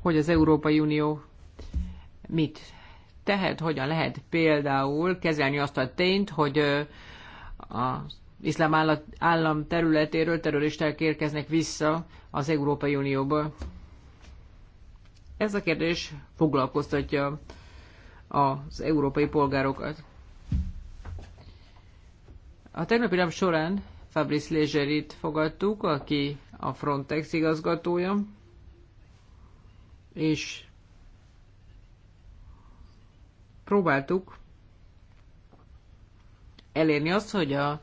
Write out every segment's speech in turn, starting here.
hogy az Európai Unió mit tehet, hogyan lehet például kezelni azt a tényt, hogy az iszlám állam területéről terroristák érkeznek vissza az Európai Unióba. Ez a kérdés foglalkoztatja az európai polgárokat. A tegnapi nap során Fabrice Légerit fogadtuk, aki a Frontex igazgatója, és próbáltuk elérni azt, hogy a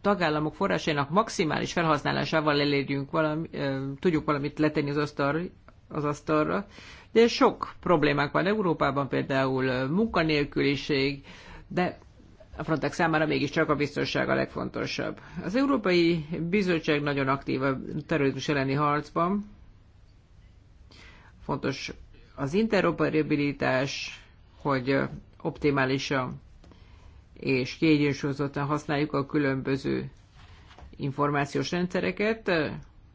tagállamok forrásainak maximális felhasználásával elérjünk valami, tudjuk valamit letenni az, asztal, az asztalra, de sok problémák van Európában, például munkanélküliség, de a Frontex számára mégiscsak a biztonság a legfontosabb. Az Európai Bizottság nagyon aktív a terrorizmus elleni harcban. Fontos az interoperabilitás, hogy optimálisan és kiegyensúlyozottan használjuk a különböző információs rendszereket,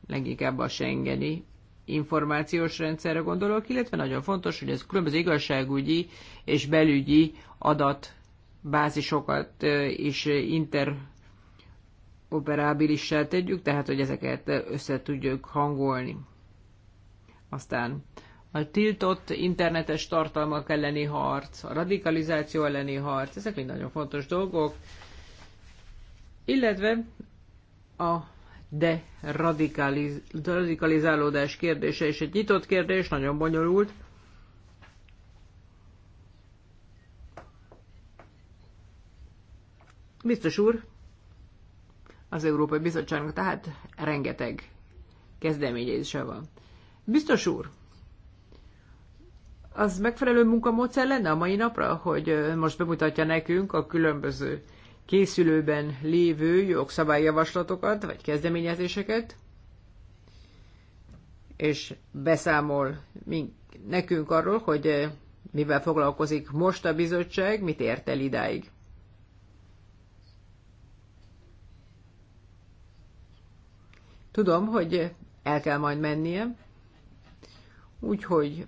leginkább a Schengeni információs rendszerre gondolok, illetve nagyon fontos, hogy ez különböző igazságügyi és belügyi adat bázisokat is interoperábilissá tegyük, tehát hogy ezeket össze tudjuk hangolni. Aztán a tiltott internetes tartalmak elleni harc, a radikalizáció elleni harc, ezek mind nagyon fontos dolgok, illetve a de radikaliz- radikalizálódás kérdése is egy nyitott kérdés, nagyon bonyolult, Biztos úr, az Európai Bizottságnak tehát rengeteg kezdeményezése van. Biztos úr, az megfelelő munkamódszer lenne a mai napra, hogy most bemutatja nekünk a különböző készülőben lévő jogszabályjavaslatokat vagy kezdeményezéseket, és beszámol nekünk arról, hogy mivel foglalkozik most a bizottság, mit ért el idáig. Tudom, hogy el kell majd mennie, úgyhogy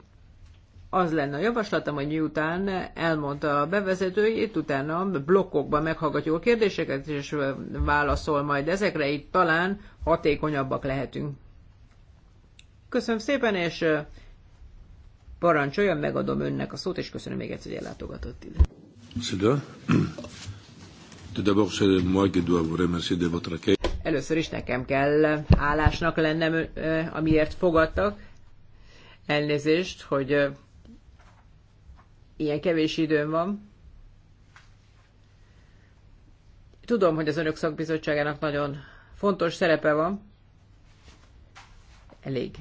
az lenne a javaslatom, hogy miután elmondta a bevezetőjét, utána blokkokban meghallgatjuk a kérdéseket, és válaszol majd ezekre, így talán hatékonyabbak lehetünk. Köszönöm szépen, és parancsoljon, megadom önnek a szót, és köszönöm még egyszer, hogy ellátogatott ide. Tout d'abord, c'est moi qui dois vous remercier de votre accueil. Először is nekem kell hálásnak lennem, amiért fogadtak. Elnézést, hogy ilyen kevés időm van. Tudom, hogy az Önök Szakbizottságának nagyon fontos szerepe van. Elég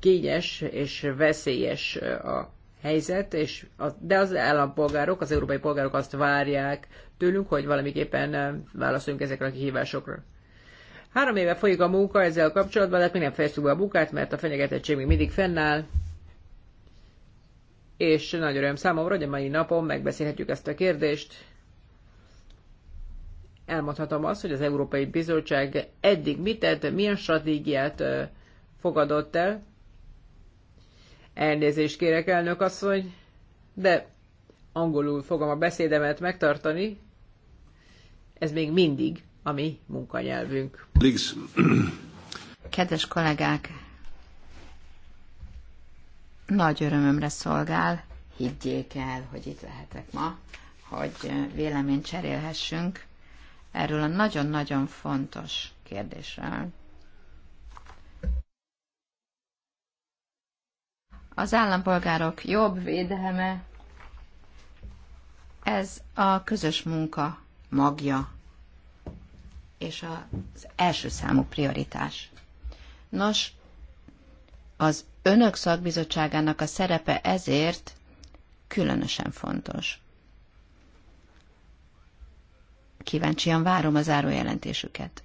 kényes és veszélyes a helyzet, és a, de az állampolgárok, az európai polgárok azt várják tőlünk, hogy valamiképpen válaszoljunk ezekre a kihívásokra. Három éve folyik a munka ezzel a kapcsolatban, de hát még nem fejeztük be a munkát, mert a fenyegetettség még mindig fennáll. És nagy öröm számomra, hogy a mai napon megbeszélhetjük ezt a kérdést. Elmondhatom azt, hogy az Európai Bizottság eddig mit tett, milyen stratégiát fogadott el. Elnézést kérek, elnök asszony, de angolul fogom a beszédemet megtartani. Ez még mindig a mi munkanyelvünk. Kedves kollégák, nagy örömömre szolgál, higgyék el, hogy itt lehetek ma, hogy véleményt cserélhessünk erről a nagyon-nagyon fontos kérdésről. Az állampolgárok jobb védelme, ez a közös munka magja és az első számú prioritás. Nos, az önök szakbizottságának a szerepe ezért különösen fontos. Kíváncsian várom az zárójelentésüket.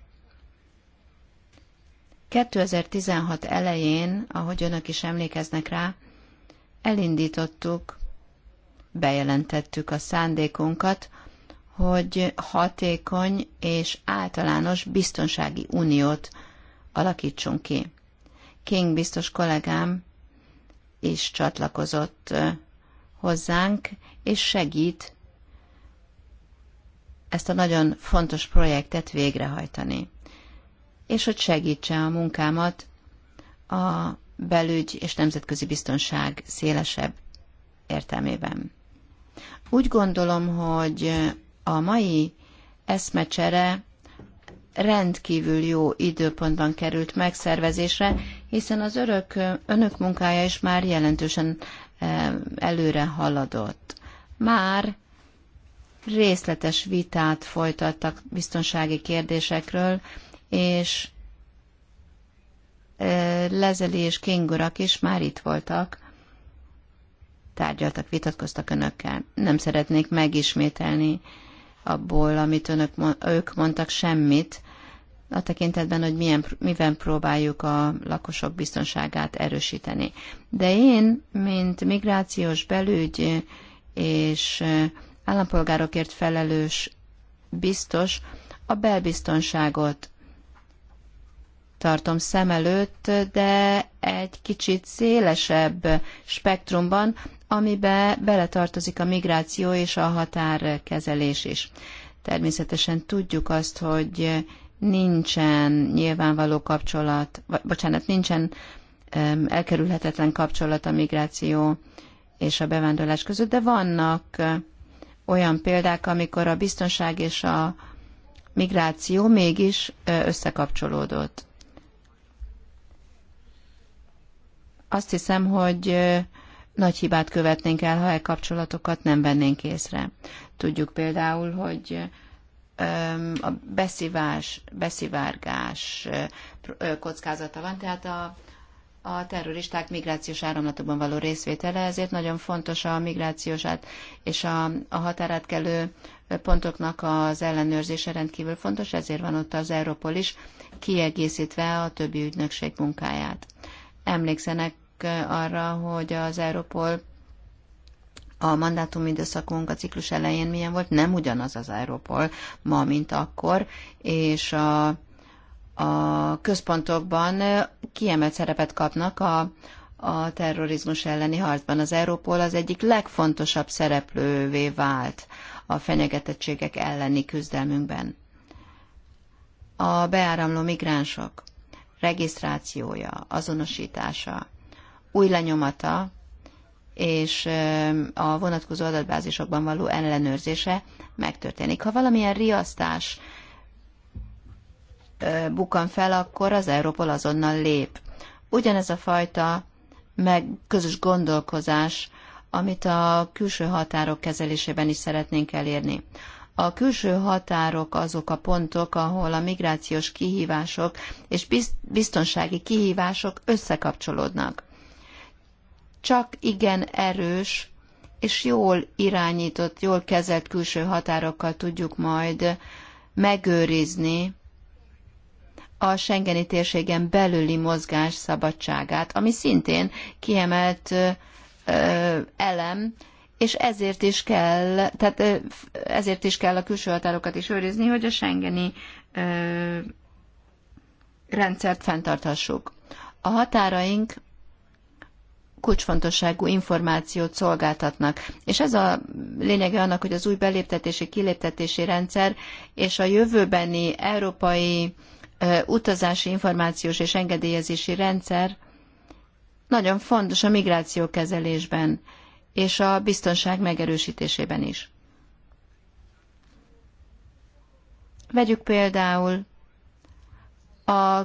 2016 elején, ahogy önök is emlékeznek rá, elindítottuk, bejelentettük a szándékunkat, hogy hatékony és általános biztonsági uniót alakítsunk ki. King biztos kollégám is csatlakozott hozzánk, és segít ezt a nagyon fontos projektet végrehajtani. És hogy segítse a munkámat a belügy és nemzetközi biztonság szélesebb értelmében. Úgy gondolom, hogy a mai eszmecsere rendkívül jó időpontban került megszervezésre, hiszen az örök, önök munkája is már jelentősen e, előre haladott. Már részletes vitát folytattak biztonsági kérdésekről, és e, Lezeli és Kingurak is már itt voltak, tárgyaltak, vitatkoztak önökkel. Nem szeretnék megismételni abból, amit önök, ők mondtak, semmit, a tekintetben, hogy milyen, miben próbáljuk a lakosok biztonságát erősíteni. De én, mint migrációs belügy és állampolgárokért felelős biztos, a belbiztonságot tartom szem előtt, de egy kicsit szélesebb spektrumban, amibe beletartozik a migráció és a határkezelés is. Természetesen tudjuk azt, hogy nincsen nyilvánvaló kapcsolat, vagy, bocsánat, nincsen elkerülhetetlen kapcsolat a migráció és a bevándorlás között, de vannak olyan példák, amikor a biztonság és a migráció mégis összekapcsolódott. Azt hiszem, hogy nagy hibát követnénk el, ha e kapcsolatokat nem vennénk észre. Tudjuk például, hogy a beszivás, beszivárgás kockázata van, tehát a, a terroristák migrációs áramlatokban való részvétele, ezért nagyon fontos a migrációsát és a, a határátkelő pontoknak az ellenőrzése rendkívül fontos, ezért van ott az Európol is, kiegészítve a többi ügynökség munkáját. Emlékszenek, Eh, arra, hogy az Európol a mandátum időszakunk a ciklus elején milyen volt, nem ugyanaz az Európol ma, mint akkor, és a, a központokban eh, kiemelt szerepet kapnak a, a terrorizmus elleni harcban. Az Európol az egyik legfontosabb szereplővé vált a fenyegetettségek elleni küzdelmünkben. A beáramló migránsok regisztrációja, azonosítása, új lenyomata és a vonatkozó adatbázisokban való ellenőrzése megtörténik. Ha valamilyen riasztás bukan fel, akkor az Európol azonnal lép. Ugyanez a fajta meg közös gondolkozás, amit a külső határok kezelésében is szeretnénk elérni. A külső határok azok a pontok, ahol a migrációs kihívások és biztonsági kihívások összekapcsolódnak csak igen erős és jól irányított, jól kezelt külső határokkal tudjuk majd megőrizni a Schengeni térségen belüli mozgás szabadságát, ami szintén kiemelt elem, és ezért is kell, tehát ezért is kell a külső határokat is őrizni, hogy a Schengeni rendszert fenntarthassuk. A határaink kulcsfontosságú információt szolgáltatnak. És ez a lényege annak, hogy az új beléptetési-kiléptetési rendszer és a jövőbeni európai utazási információs és engedélyezési rendszer nagyon fontos a migráció kezelésben és a biztonság megerősítésében is. Vegyük például a,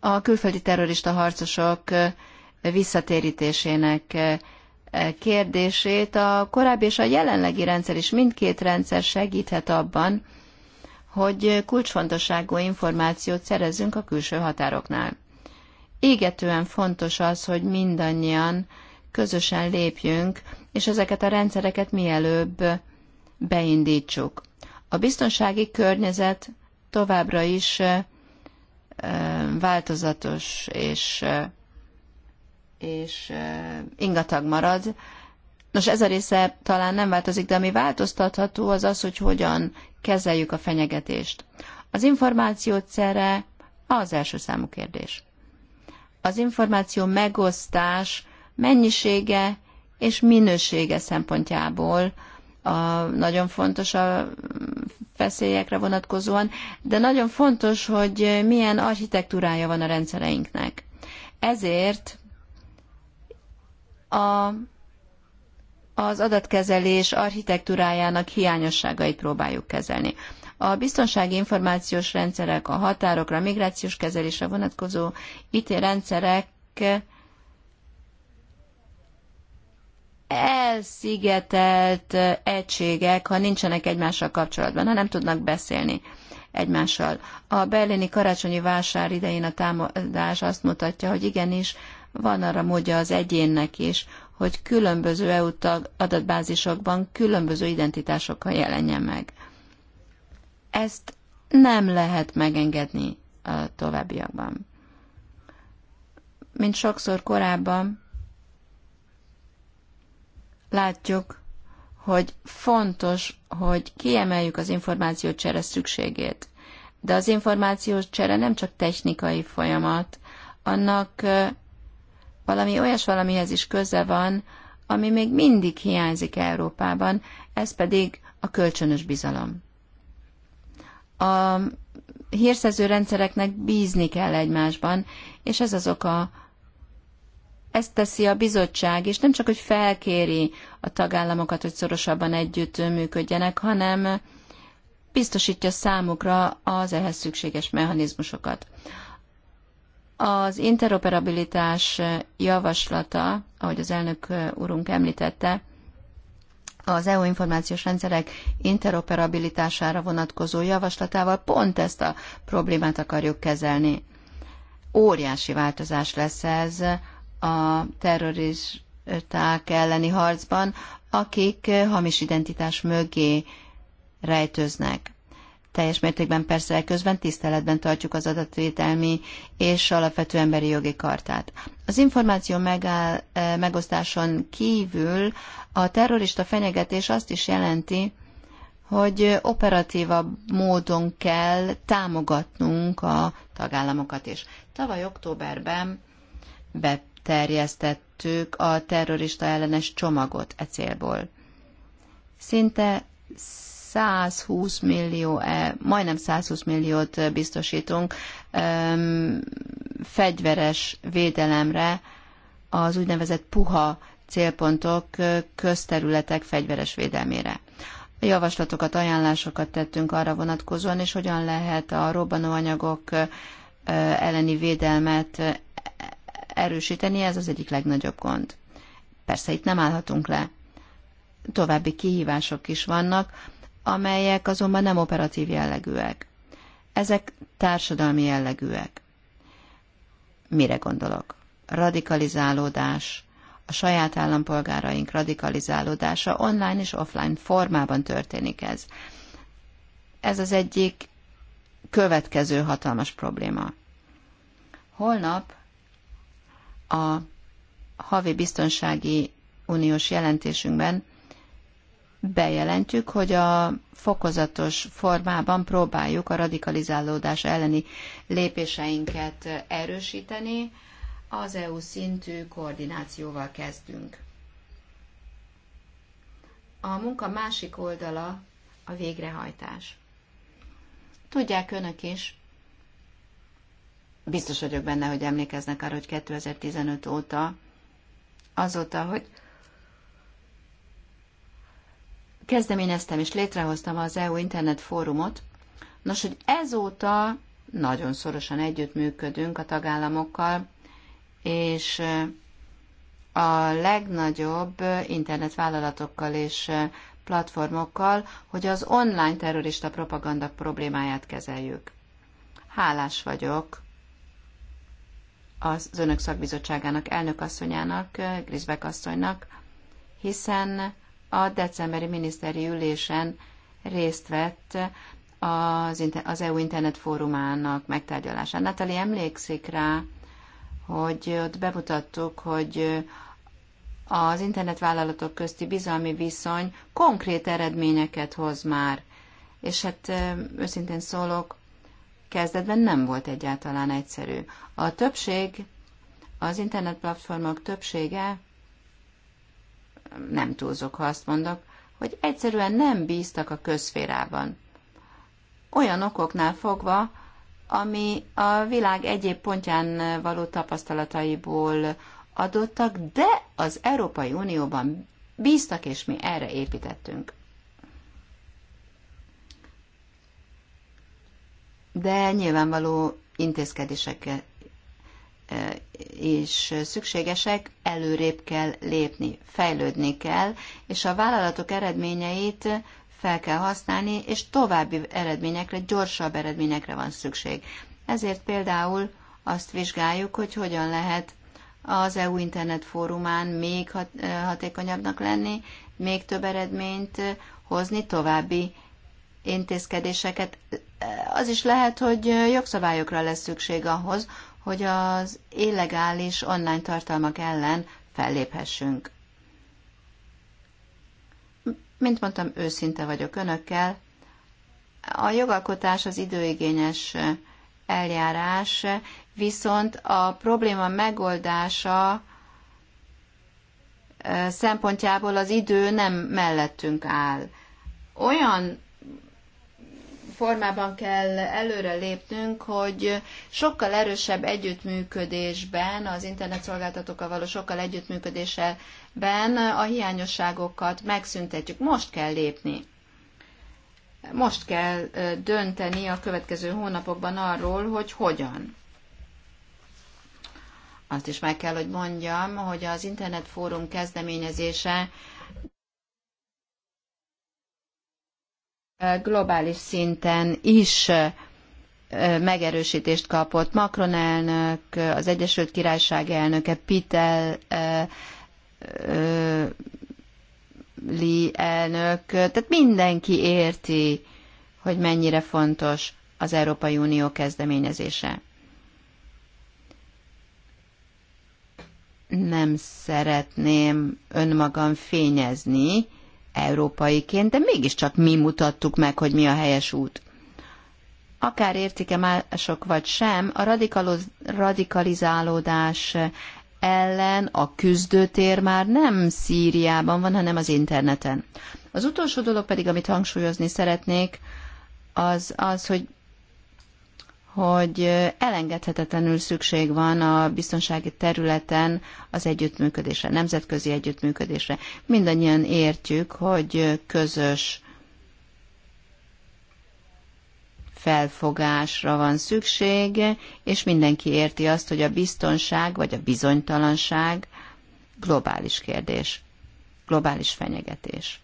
a külföldi terrorista harcosok visszatérítésének eh, eh, kérdését. A korábbi és a jelenlegi rendszer is mindkét rendszer segíthet abban, hogy kulcsfontosságú információt szerezzünk a külső határoknál. Égetően fontos az, hogy mindannyian közösen lépjünk, és ezeket a rendszereket mielőbb beindítsuk. A biztonsági környezet továbbra is eh, változatos és és ingatag marad. Nos, ez a része talán nem változik, de ami változtatható az az, hogy hogyan kezeljük a fenyegetést. Az információ szere az első számú kérdés. Az információ megosztás mennyisége és minősége szempontjából a, nagyon fontos a feszélyekre vonatkozóan, de nagyon fontos, hogy milyen architektúrája van a rendszereinknek. Ezért a, az adatkezelés architektúrájának hiányosságait próbáljuk kezelni. A biztonsági információs rendszerek, a határokra, a migrációs kezelésre vonatkozó IT rendszerek elszigetelt egységek, ha nincsenek egymással kapcsolatban, ha nem tudnak beszélni egymással. A berlini karácsonyi vásár idején a támadás azt mutatja, hogy igenis van arra módja az egyénnek is, hogy különböző EU adatbázisokban különböző identitásokkal jelenjen meg. Ezt nem lehet megengedni a továbbiakban. Mint sokszor korábban, látjuk, hogy fontos, hogy kiemeljük az információcsere szükségét. De az információcsere nem csak technikai folyamat, annak valami olyas valamihez is köze van, ami még mindig hiányzik Európában, ez pedig a kölcsönös bizalom. A hírszerző rendszereknek bízni kell egymásban, és ez az oka, ezt teszi a bizottság, és nem csak, hogy felkéri a tagállamokat, hogy szorosabban együtt működjenek, hanem biztosítja számukra az ehhez szükséges mechanizmusokat. Az interoperabilitás javaslata, ahogy az elnök úrunk említette, az EU információs rendszerek interoperabilitására vonatkozó javaslatával pont ezt a problémát akarjuk kezelni. Óriási változás lesz ez a terroristák elleni harcban, akik hamis identitás mögé rejtőznek teljes mértékben persze közben tiszteletben tartjuk az adatvételmi és alapvető emberi jogi kartát. Az információ megáll, eh, megosztáson kívül a terrorista fenyegetés azt is jelenti, hogy operatívabb módon kell támogatnunk a tagállamokat is. Tavaly októberben beterjesztettük a terrorista ellenes csomagot e célból. Szinte 120 millió, eh, majdnem 120 milliót eh, biztosítunk fegyveres védelemre az úgynevezett puha célpontok eh, közterületek fegyveres védelmére. Javaslatokat, ajánlásokat tettünk arra vonatkozóan, és hogyan lehet a robbanóanyagok elleni védelmet erősíteni, ez az egyik legnagyobb gond. Persze itt nem állhatunk le. További kihívások is vannak, amelyek azonban nem operatív jellegűek. Ezek társadalmi jellegűek. Mire gondolok? Radikalizálódás, a saját állampolgáraink radikalizálódása online és offline formában történik ez. Ez az egyik következő hatalmas probléma. Holnap a havi biztonsági uniós jelentésünkben bejelentjük, hogy a fokozatos formában próbáljuk a radikalizálódás elleni lépéseinket erősíteni, az EU szintű koordinációval kezdünk. A munka másik oldala a végrehajtás. Tudják önök is, biztos vagyok benne, hogy emlékeznek arra, hogy 2015 óta, azóta, hogy kezdeményeztem és létrehoztam az EU Internet Fórumot. Nos, hogy ezóta nagyon szorosan együttműködünk a tagállamokkal, és eh, a legnagyobb internetvállalatokkal és eh, platformokkal, hogy az online terrorista propaganda problémáját kezeljük. Hálás vagyok az önök szakbizottságának elnökasszonyának, eh, Griszbek asszonynak, hiszen a decemberi miniszteri ülésen részt vett az, az EU Internet Fórumának megtárgyalásán. Natali emlékszik rá, hogy ott bemutattuk, hogy az internetvállalatok közti bizalmi viszony konkrét eredményeket hoz már. És hát őszintén szólok, kezdetben nem volt egyáltalán egyszerű. A többség, az internetplatformok többsége nem túlzok, ha azt mondok, hogy egyszerűen nem bíztak a közférában. Olyan okoknál fogva, ami a világ egyéb pontján való tapasztalataiból adottak, de az Európai Unióban bíztak, és mi erre építettünk. De nyilvánvaló intézkedéseket is szükségesek, előrébb kell lépni, fejlődni kell, és a vállalatok eredményeit fel kell használni, és további eredményekre, gyorsabb eredményekre van szükség. Ezért például azt vizsgáljuk, hogy hogyan lehet az EU Internet Fórumán még hatékonyabbnak lenni, még több eredményt hozni, további intézkedéseket. Az is lehet, hogy jogszabályokra lesz szükség ahhoz, hogy az illegális online tartalmak ellen felléphessünk. Mint mondtam, őszinte vagyok önökkel. A jogalkotás az időigényes eljárás, viszont a probléma megoldása szempontjából az idő nem mellettünk áll. Olyan formában kell előre lépnünk, hogy sokkal erősebb együttműködésben, az internetszolgáltatókkal való sokkal együttműködésben a hiányosságokat megszüntetjük. Most kell lépni. Most kell dönteni a következő hónapokban arról, hogy hogyan. Azt is meg kell, hogy mondjam, hogy az internetfórum kezdeményezése globális szinten is megerősítést kapott. Macron elnök, az Egyesült Királyság elnöke, Pitel Li elnök, tehát mindenki érti, hogy mennyire fontos az Európai Unió kezdeményezése. Nem szeretném önmagam fényezni, európaiként, de mégiscsak mi mutattuk meg, hogy mi a helyes út. Akár értik-e mások vagy sem, a radikalizálódás ellen a küzdőtér már nem Szíriában van, hanem az interneten. Az utolsó dolog pedig, amit hangsúlyozni szeretnék, az az, hogy hogy elengedhetetlenül szükség van a biztonsági területen az együttműködésre, nemzetközi együttműködésre. Mindannyian értjük, hogy közös felfogásra van szükség, és mindenki érti azt, hogy a biztonság vagy a bizonytalanság globális kérdés, globális fenyegetés.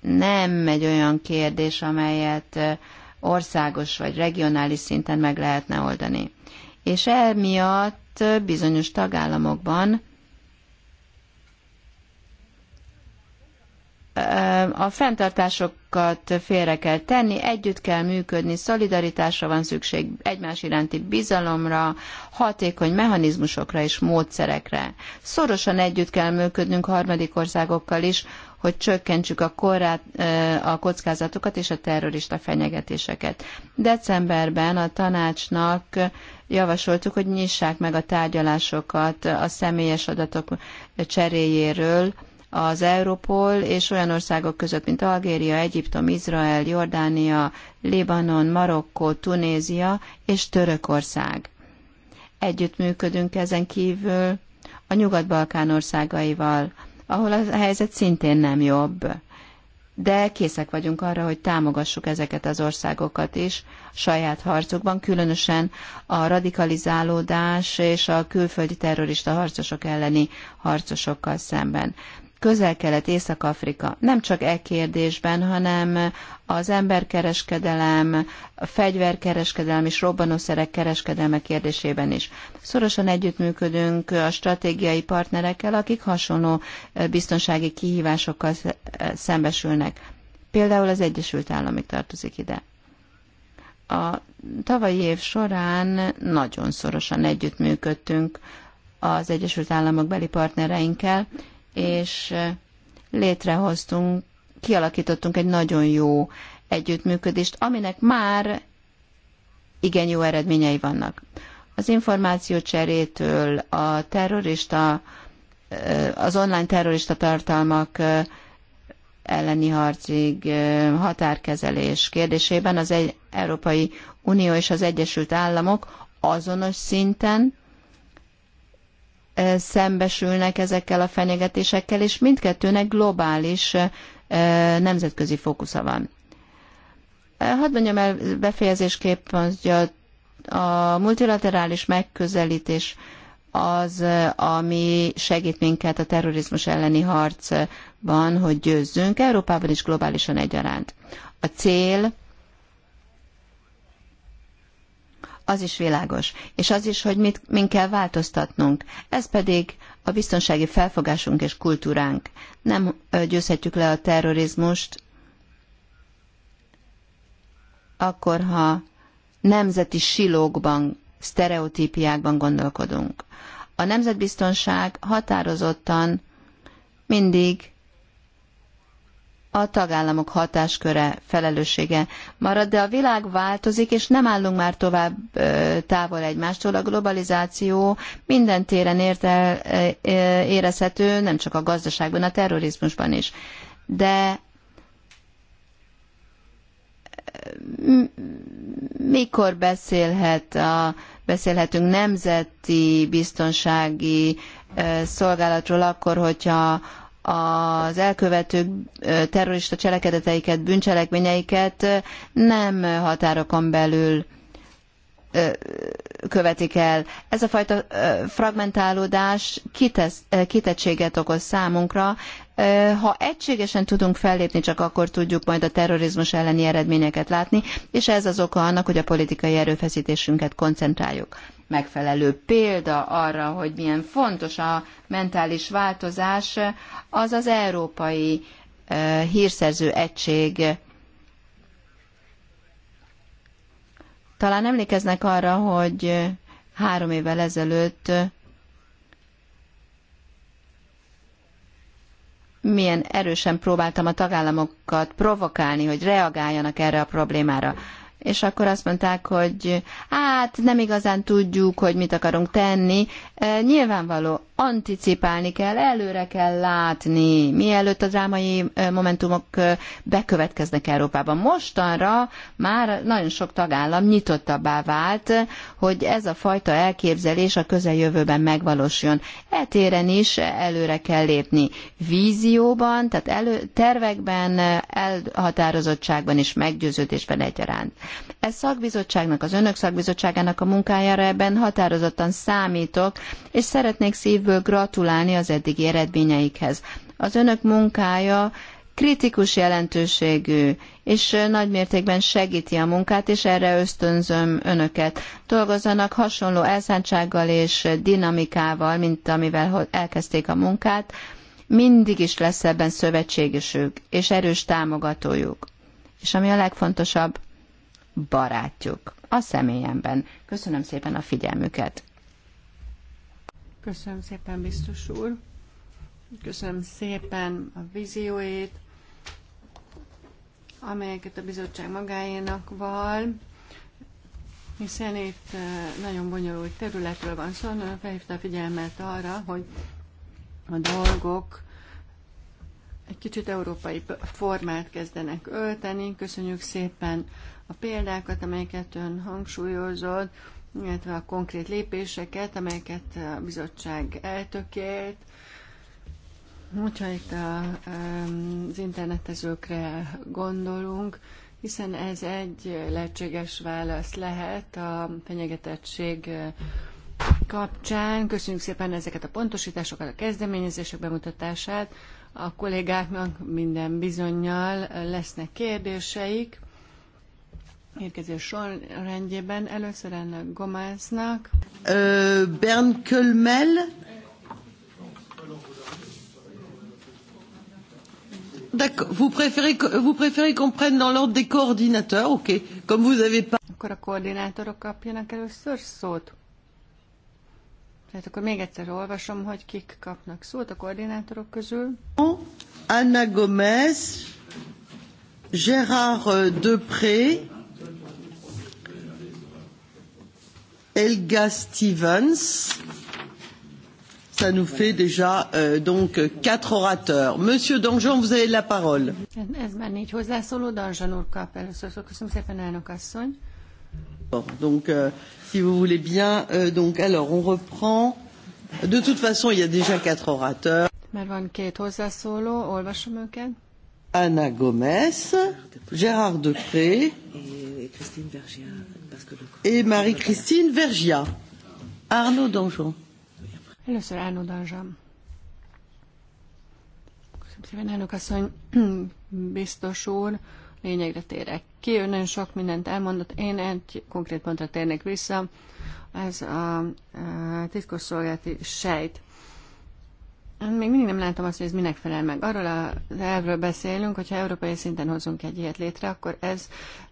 Nem egy olyan kérdés, amelyet országos vagy regionális szinten meg lehetne oldani. És emiatt bizonyos tagállamokban a fenntartásokat félre kell tenni, együtt kell működni, szolidaritásra van szükség, egymás iránti bizalomra, hatékony mechanizmusokra és módszerekre. Szorosan együtt kell működnünk harmadik országokkal is, hogy csökkentsük a, korrát, a kockázatokat és a terrorista fenyegetéseket. Decemberben a tanácsnak javasoltuk, hogy nyissák meg a tárgyalásokat a személyes adatok cseréjéről, az Európol és olyan országok között, mint Algéria, Egyiptom, Izrael, Jordánia, Libanon, Marokkó, Tunézia és Törökország. Együttműködünk ezen kívül a Nyugat-Balkán országaival, ahol a helyzet szintén nem jobb. De készek vagyunk arra, hogy támogassuk ezeket az országokat is saját harcokban, különösen a radikalizálódás és a külföldi terrorista harcosok elleni harcosokkal szemben. Közel-Kelet, Észak-Afrika. Nem csak e kérdésben, hanem az emberkereskedelem, a fegyverkereskedelem és robbanószerek kereskedelme kérdésében is. Szorosan együttműködünk a stratégiai partnerekkel, akik hasonló biztonsági kihívásokkal szembesülnek. Például az Egyesült Államok tartozik ide. A tavalyi év során nagyon szorosan együttműködtünk az Egyesült Államok beli partnereinkkel, és létrehoztunk, kialakítottunk egy nagyon jó együttműködést, aminek már igen jó eredményei vannak. Az információ cserétől a terrorista, az online terrorista tartalmak elleni harcig, határkezelés kérdésében az Európai Unió és az Egyesült Államok azonos szinten szembesülnek ezekkel a fenyegetésekkel, és mindkettőnek globális nemzetközi fókusza van. Hadd mondjam el befejezésképp, hogy a, a multilaterális megközelítés az, ami segít minket a terrorizmus elleni harcban, hogy győzzünk Európában is globálisan egyaránt. A cél az is világos, és az is, hogy mit, min kell változtatnunk. Ez pedig a biztonsági felfogásunk és kultúránk. Nem győzhetjük le a terrorizmust akkor, ha nemzeti silókban, sztereotípiákban gondolkodunk. A nemzetbiztonság határozottan mindig a tagállamok hatásköre, felelőssége marad, de a világ változik, és nem állunk már tovább távol egymástól. A globalizáció minden téren érte, érezhető, nem csak a gazdaságban, a terrorizmusban is. De mikor beszélhet a, beszélhetünk nemzeti biztonsági szolgálatról akkor, hogyha az elkövetők terrorista cselekedeteiket, bűncselekményeiket nem határokon belül követik el. Ez a fajta fragmentálódás kitettséget okoz számunkra. Ha egységesen tudunk fellépni, csak akkor tudjuk majd a terrorizmus elleni eredményeket látni, és ez az oka annak, hogy a politikai erőfeszítésünket koncentráljuk. Megfelelő példa arra, hogy milyen fontos a mentális változás, az az európai hírszerző egység Talán emlékeznek arra, hogy három évvel ezelőtt milyen erősen próbáltam a tagállamokat provokálni, hogy reagáljanak erre a problémára és akkor azt mondták, hogy hát nem igazán tudjuk, hogy mit akarunk tenni. E, nyilvánvaló, anticipálni kell, előre kell látni, mielőtt a drámai e, momentumok e, bekövetkeznek Európában. Mostanra már nagyon sok tagállam nyitottabbá vált, hogy ez a fajta elképzelés a közeljövőben megvalósuljon. Etéren is előre kell lépni. Vízióban, tehát elő, tervekben, elhatározottságban és meggyőződésben egyaránt. Ez szakbizottságnak, az önök szakbizottságának a munkájára ebben határozottan számítok, és szeretnék szívből gratulálni az eddigi eredményeikhez. Az önök munkája kritikus jelentőségű, és nagy mértékben segíti a munkát, és erre ösztönzöm önöket. Dolgozzanak hasonló elszántsággal és dinamikával, mint amivel elkezdték a munkát. Mindig is lesz ebben szövetségesük, és erős támogatójuk. És ami a legfontosabb, barátjuk a személyemben. Köszönöm szépen a figyelmüket. Köszönöm szépen, biztos úr. Köszönöm szépen a vízióét, amelyeket a bizottság magáénak val, hiszen itt eh, nagyon bonyolult területről van szó, szóval felhívta a figyelmet arra, hogy a dolgok egy kicsit európai formát kezdenek ölteni. Köszönjük szépen a példákat, amelyeket ön hangsúlyozott, illetve a konkrét lépéseket, amelyeket a bizottság eltökélt. Hogyha itt a, az internetezőkre gondolunk, hiszen ez egy lehetséges válasz lehet a fenyegetettség kapcsán. Köszönjük szépen ezeket a pontosításokat, a kezdeményezések bemutatását. A kollégáknak minden bizonyal lesznek kérdéseik érkező sorrendjében. Először ennek Gomeznak. Uh, Bern Kölmel. D'accord. Vous préférez, vous préférez qu'on prenne dans l'ordre des coordinateurs, ok. Comme vous avez pas. Akkor a koordinátorok kapjanak először szót. Tehát akkor még egyszer olvasom, hogy kik kapnak szót a koordinátorok közül. Anna Gomez, Gérard Depré, Helga Stevens. Ça nous fait déjà euh, donc quatre orateurs. Monsieur Danjean, vous avez la parole. Ez már négy hozzászóló, Danjean úr kap először. Köszönöm szépen, elnök asszony. Bon, donc, euh, si vous voulez bien, euh, donc, alors, on reprend. De toute façon, il y a déjà quatre orateurs. Már van két hozzászóló, olvasom őket. Anna Gomez, Gérard Depré, Marie-Christine Vergia. Parce que le... Et Marie-Christine Vergia. Arnaud Donjon. Először Arnaud Donjon. Köszönöm szépen, elnök asszony, biztos úr, lényegre térek ki, ő nagyon sok mindent elmondott, én egy konkrét pontra térnék vissza, ez a, a titkosszolgálati sejt. Még mindig nem látom azt, hogy ez minek felel meg. Arról az elvről beszélünk, hogyha európai szinten hozunk egy ilyet létre, akkor ez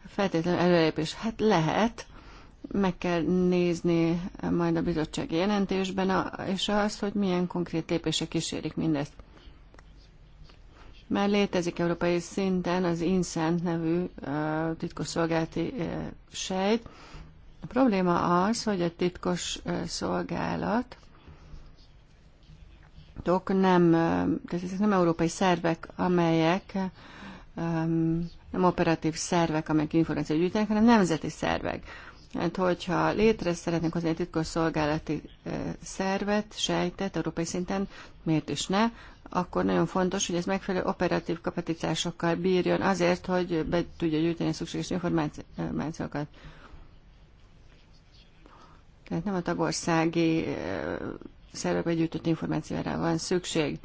feltétlenül előrelépés. Hát lehet, meg kell nézni majd a bizottság jelentésben, a, és azt, hogy milyen konkrét lépések kísérik mindezt. Már létezik európai szinten az INSENT nevű uh, titkosszolgálati uh, sejt. A probléma az, hogy a titkos uh, szolgálat csoportok nem, tehát ezek nem európai szervek, amelyek nem operatív szervek, amelyek információt gyűjtenek, hanem nemzeti szervek. Hát, hogyha létre szeretnénk hozni egy szolgálati szervet, sejtet, európai szinten, miért is ne, akkor nagyon fontos, hogy ez megfelelő operatív kapacitásokkal bírjon azért, hogy be tudja gyűjteni a szükséges információkat. Tehát nem a tagországi szervekbe gyűjtött információra van szükség.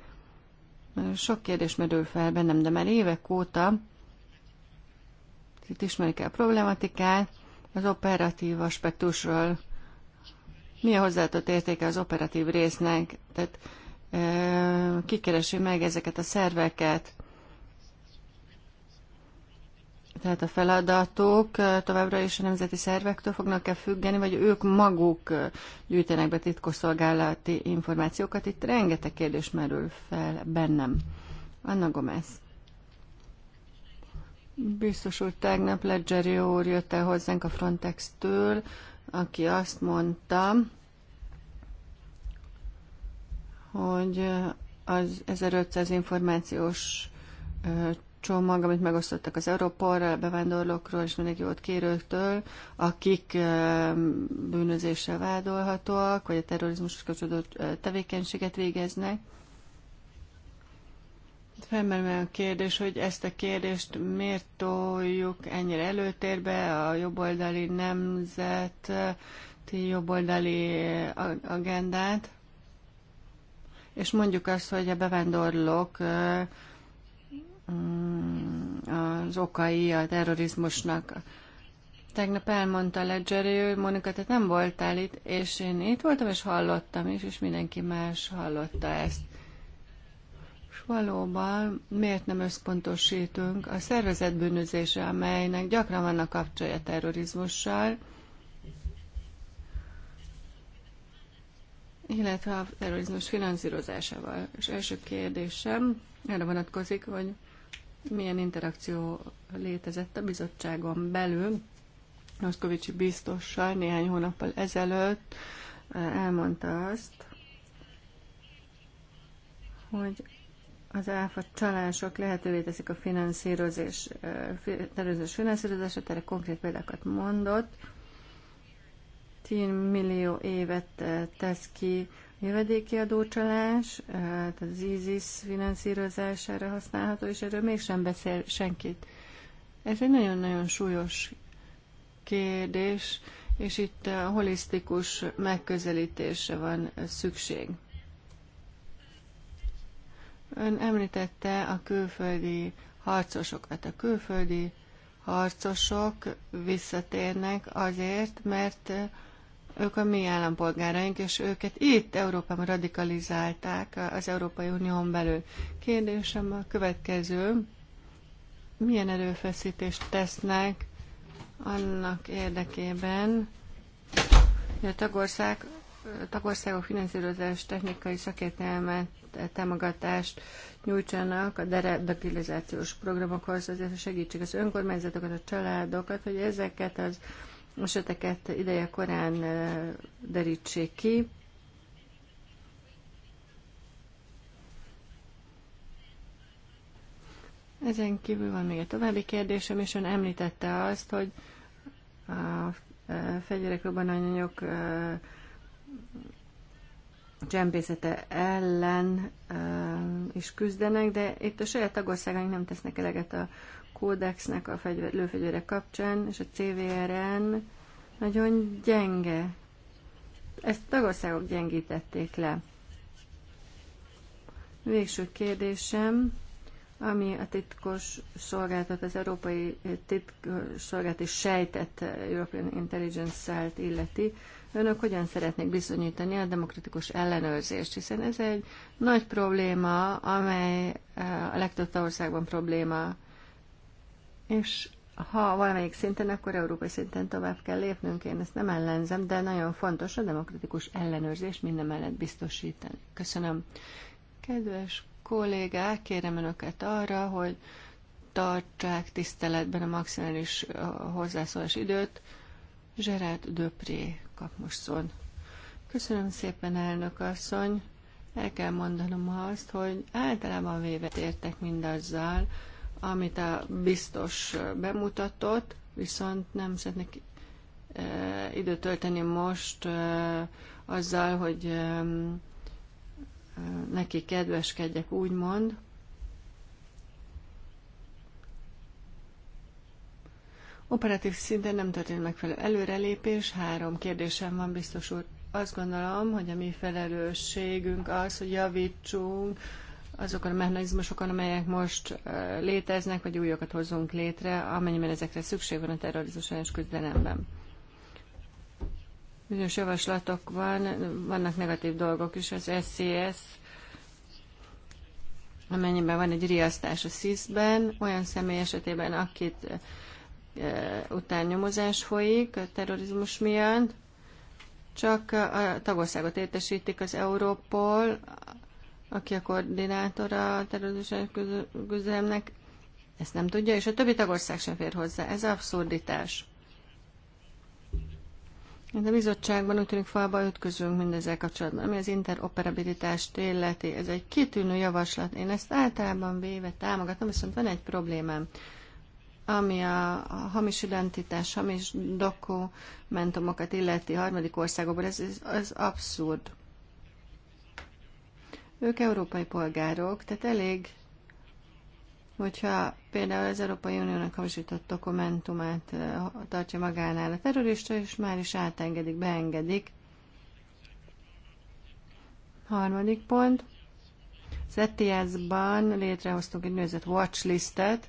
Sok kérdés merül fel bennem, de már évek óta itt ismerik el a problematikát, az operatív aspektusról mi a hozzáadott értéke az operatív résznek, tehát kikeresi meg ezeket a szerveket, tehát a feladatok továbbra is a nemzeti szervektől fognak-e függeni, vagy ők maguk gyűjtenek be titkosszolgálati információkat? Itt rengeteg kérdés merül fel bennem. Anna Gomez. Biztos úr, tegnap Ledgeri úr jött el hozzánk a Frontex-től, aki azt mondta, hogy az 1500 információs csomag, amit megosztottak az Európorral, a bevándorlókról és mindenki ott kérőktől, akik bűnözéssel vádolhatóak, vagy a terrorizmushoz kapcsolódott tevékenységet végeznek. Felmerül a kérdés, hogy ezt a kérdést miért toljuk ennyire előtérbe a jobboldali nemzet, jobboldali agendát, és mondjuk azt, hogy a bevándorlók az okai a terrorizmusnak. Tegnap elmondta Ledgeri, ő, Monika, tehát nem voltál itt, és én itt voltam, és hallottam is, és mindenki más hallotta ezt. És valóban, miért nem összpontosítunk a bűnözése, amelynek gyakran vannak kapcsolja terrorizmussal, illetve a terrorizmus finanszírozásával. És első kérdésem erre vonatkozik, hogy milyen interakció létezett a bizottságon belül. Noszkovicsi biztossal néhány hónappal ezelőtt eh, elmondta azt, hogy az áfa csalások lehetővé teszik a finanszírozás, eh, tervezős finanszírozását, erre konkrét példákat mondott. 10 millió évet eh, tesz ki jövedéki adócsalás, tehát az ISIS finanszírozására használható, és erről mégsem beszél senkit. Ez egy nagyon-nagyon súlyos kérdés, és itt a holisztikus megközelítésre van szükség. Ön említette a külföldi harcosokat. A külföldi harcosok visszatérnek azért, mert ők a mi állampolgáraink, és őket itt Európában radikalizálták az Európai Unión belül. Kérdésem a következő. Milyen erőfeszítést tesznek annak érdekében, hogy a tagország, a tagországok finanszírozás technikai szakértelmet támogatást nyújtsanak a deradikalizációs programokhoz, azért segítsék az önkormányzatokat, a családokat, hogy ezeket az a ideje korán derítsék ki. Ezen kívül van még egy további kérdésem, és ön említette azt, hogy a fegyverek robbananyagok csempészete ellen is küzdenek, de itt a saját tagországaink nem tesznek eleget a kódexnek a fegyver, lőfegyverek kapcsán, és a CVRN nagyon gyenge. Ezt tagországok gyengítették le. Végső kérdésem, ami a titkos szolgáltat, az Európai Titkos szolgálati és sejtett European Intelligence szelt illeti önök hogyan szeretnék bizonyítani a demokratikus ellenőrzést, hiszen ez egy nagy probléma, amely eh, a legtöbb országban probléma, és ha valamelyik szinten, akkor európai szinten tovább kell lépnünk. Én ezt nem ellenzem, de nagyon fontos a demokratikus ellenőrzés minden mellett biztosítani. Köszönöm. Kedves kollégák, kérem önöket arra, hogy tartsák tiszteletben a maximális eh, hozzászólás időt. Gerard Döpré kap most szón. Köszönöm szépen, elnök asszony. El kell mondanom azt, hogy általában véve értek mindazzal, amit a biztos bemutatott, viszont nem szeretnék e, időt tölteni most e, azzal, hogy e, neki kedveskedjek, úgymond. Operatív szinten nem történt megfelelő előrelépés. Három kérdésem van, biztos úr. Azt gondolom, hogy a mi felelősségünk az, hogy javítsunk azokon a mechanizmusokon, amelyek most léteznek, vagy újakat hozzunk létre, amennyiben ezekre szükség van a terrorizmus ellenes küzdelemben. Bizonyos javaslatok van, vannak negatív dolgok is, az SCS, amennyiben van egy riasztás a sis ben olyan személy esetében, akit nyomozás folyik a terrorizmus miatt, csak a tagországot értesítik az Európol, aki a koordinátora a terrorizmus ezt nem tudja, és a többi tagország sem fér hozzá. Ez abszurditás. De a bizottságban úgy tűnik falba ütközünk mindezzel kapcsolatban, ami az interoperabilitást illeti. Ez egy kitűnő javaslat. Én ezt általában véve támogatom, viszont van egy problémám ami a, a hamis identitás, hamis dokumentumokat illeti harmadik országokból, ez, ez abszurd. Ők európai polgárok, tehát elég, hogyha például az Európai Uniónak hamisított dokumentumát eh, tartja magánál a terrorista, és már is átengedik, beengedik. Harmadik pont. Az ETS-ban létrehoztunk egy nőzött watchlistet,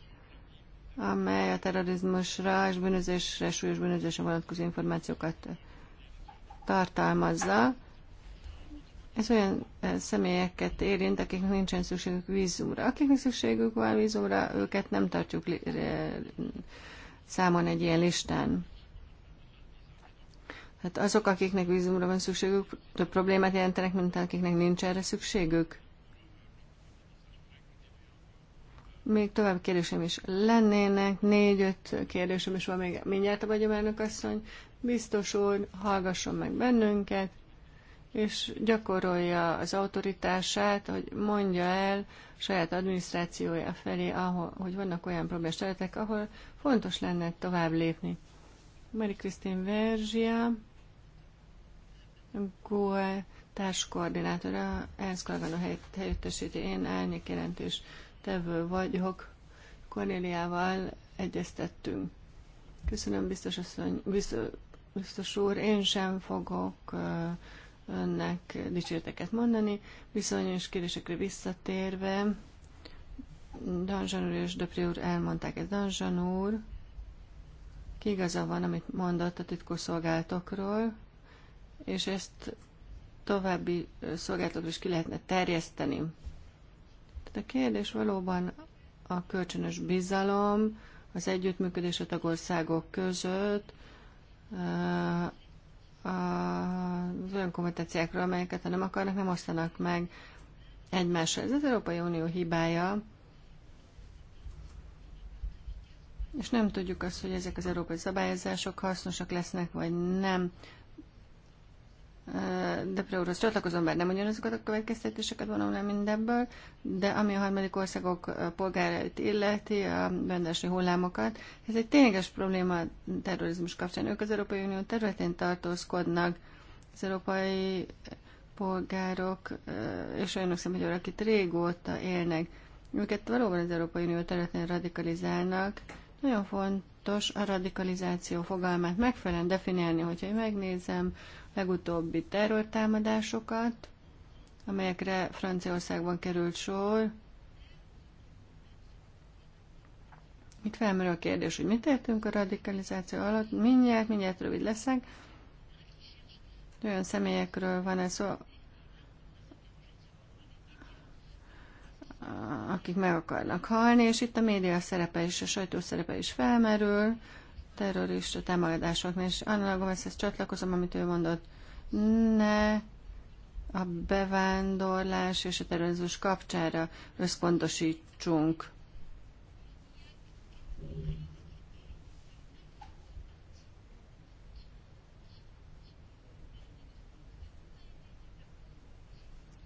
amely a terrorizmusra és bűnözésre, súlyos bűnözésre vonatkozó információkat tartalmazza. Ez olyan eh, személyeket érint, akiknek nincsen szükségük vízumra. Akiknek szükségük van vízumra, őket nem tartjuk eh, számon egy ilyen listán. Hát azok, akiknek vízumra van szükségük, több problémát jelentenek, mint akiknek nincs erre szükségük. Még tovább kérdésem is lennének, négy-öt kérdésem is van, még mindjárt a vagyom elnök asszony. Biztos úr, hallgasson meg bennünket, és gyakorolja az autoritását, hogy mondja el saját adminisztrációja felé, ahol, hogy vannak olyan problémás területek, ahol fontos lenne tovább lépni. Mari Krisztin Verzsia, GOE társkoordinátora, Ernst a helyettesíti, én elnyék jelentős tevő vagyok. Kornéliával egyeztettünk. Köszönöm, biztos, asszony, biztos, biztos úr, én sem fogok önnek dicsérteket mondani. Viszonyos kérdésekre visszatérve, Danzsan úr és Döpri úr elmondták ezt. Danzsan úr, ki igaza van, amit mondott a titkosszolgálatokról, és ezt további szolgálatok is ki lehetne terjeszteni. Tehát a kérdés valóban a kölcsönös bizalom, az együttműködés a tagországok között, eh, az olyan kompetenciákról, amelyeket ha nem akarnak, nem osztanak meg egymással. Ez az Európai Unió hibája, és nem tudjuk azt, hogy ezek az európai szabályozások hasznosak lesznek, vagy nem. Depre rossz csatlakozom, bár nem ugyanazokat a következtetéseket vonom le mindebből, de ami a harmadik országok polgárait illeti, a bendesi hullámokat, ez egy tényleges probléma a terrorizmus kapcsán. Ők az Európai Unió területén tartózkodnak, az európai polgárok és olyanok szemben, akik régóta élnek, őket valóban az Európai Unió területén radikalizálnak, nagyon fontos a radikalizáció fogalmát megfelelően definiálni, hogyha én megnézem legutóbbi terrortámadásokat, amelyekre Franciaországban került sor. Itt felmerül a kérdés, hogy mit értünk a radikalizáció alatt. Mindjárt, mindjárt rövid leszek. Olyan személyekről van ez akik meg akarnak halni, és itt a média szerepe és a sajtó szerepe is felmerül, terrorista támadásoknál, és ezt, ezt csatlakozom, amit ő mondott, ne a bevándorlás és a terrorizmus kapcsára összpontosítsunk.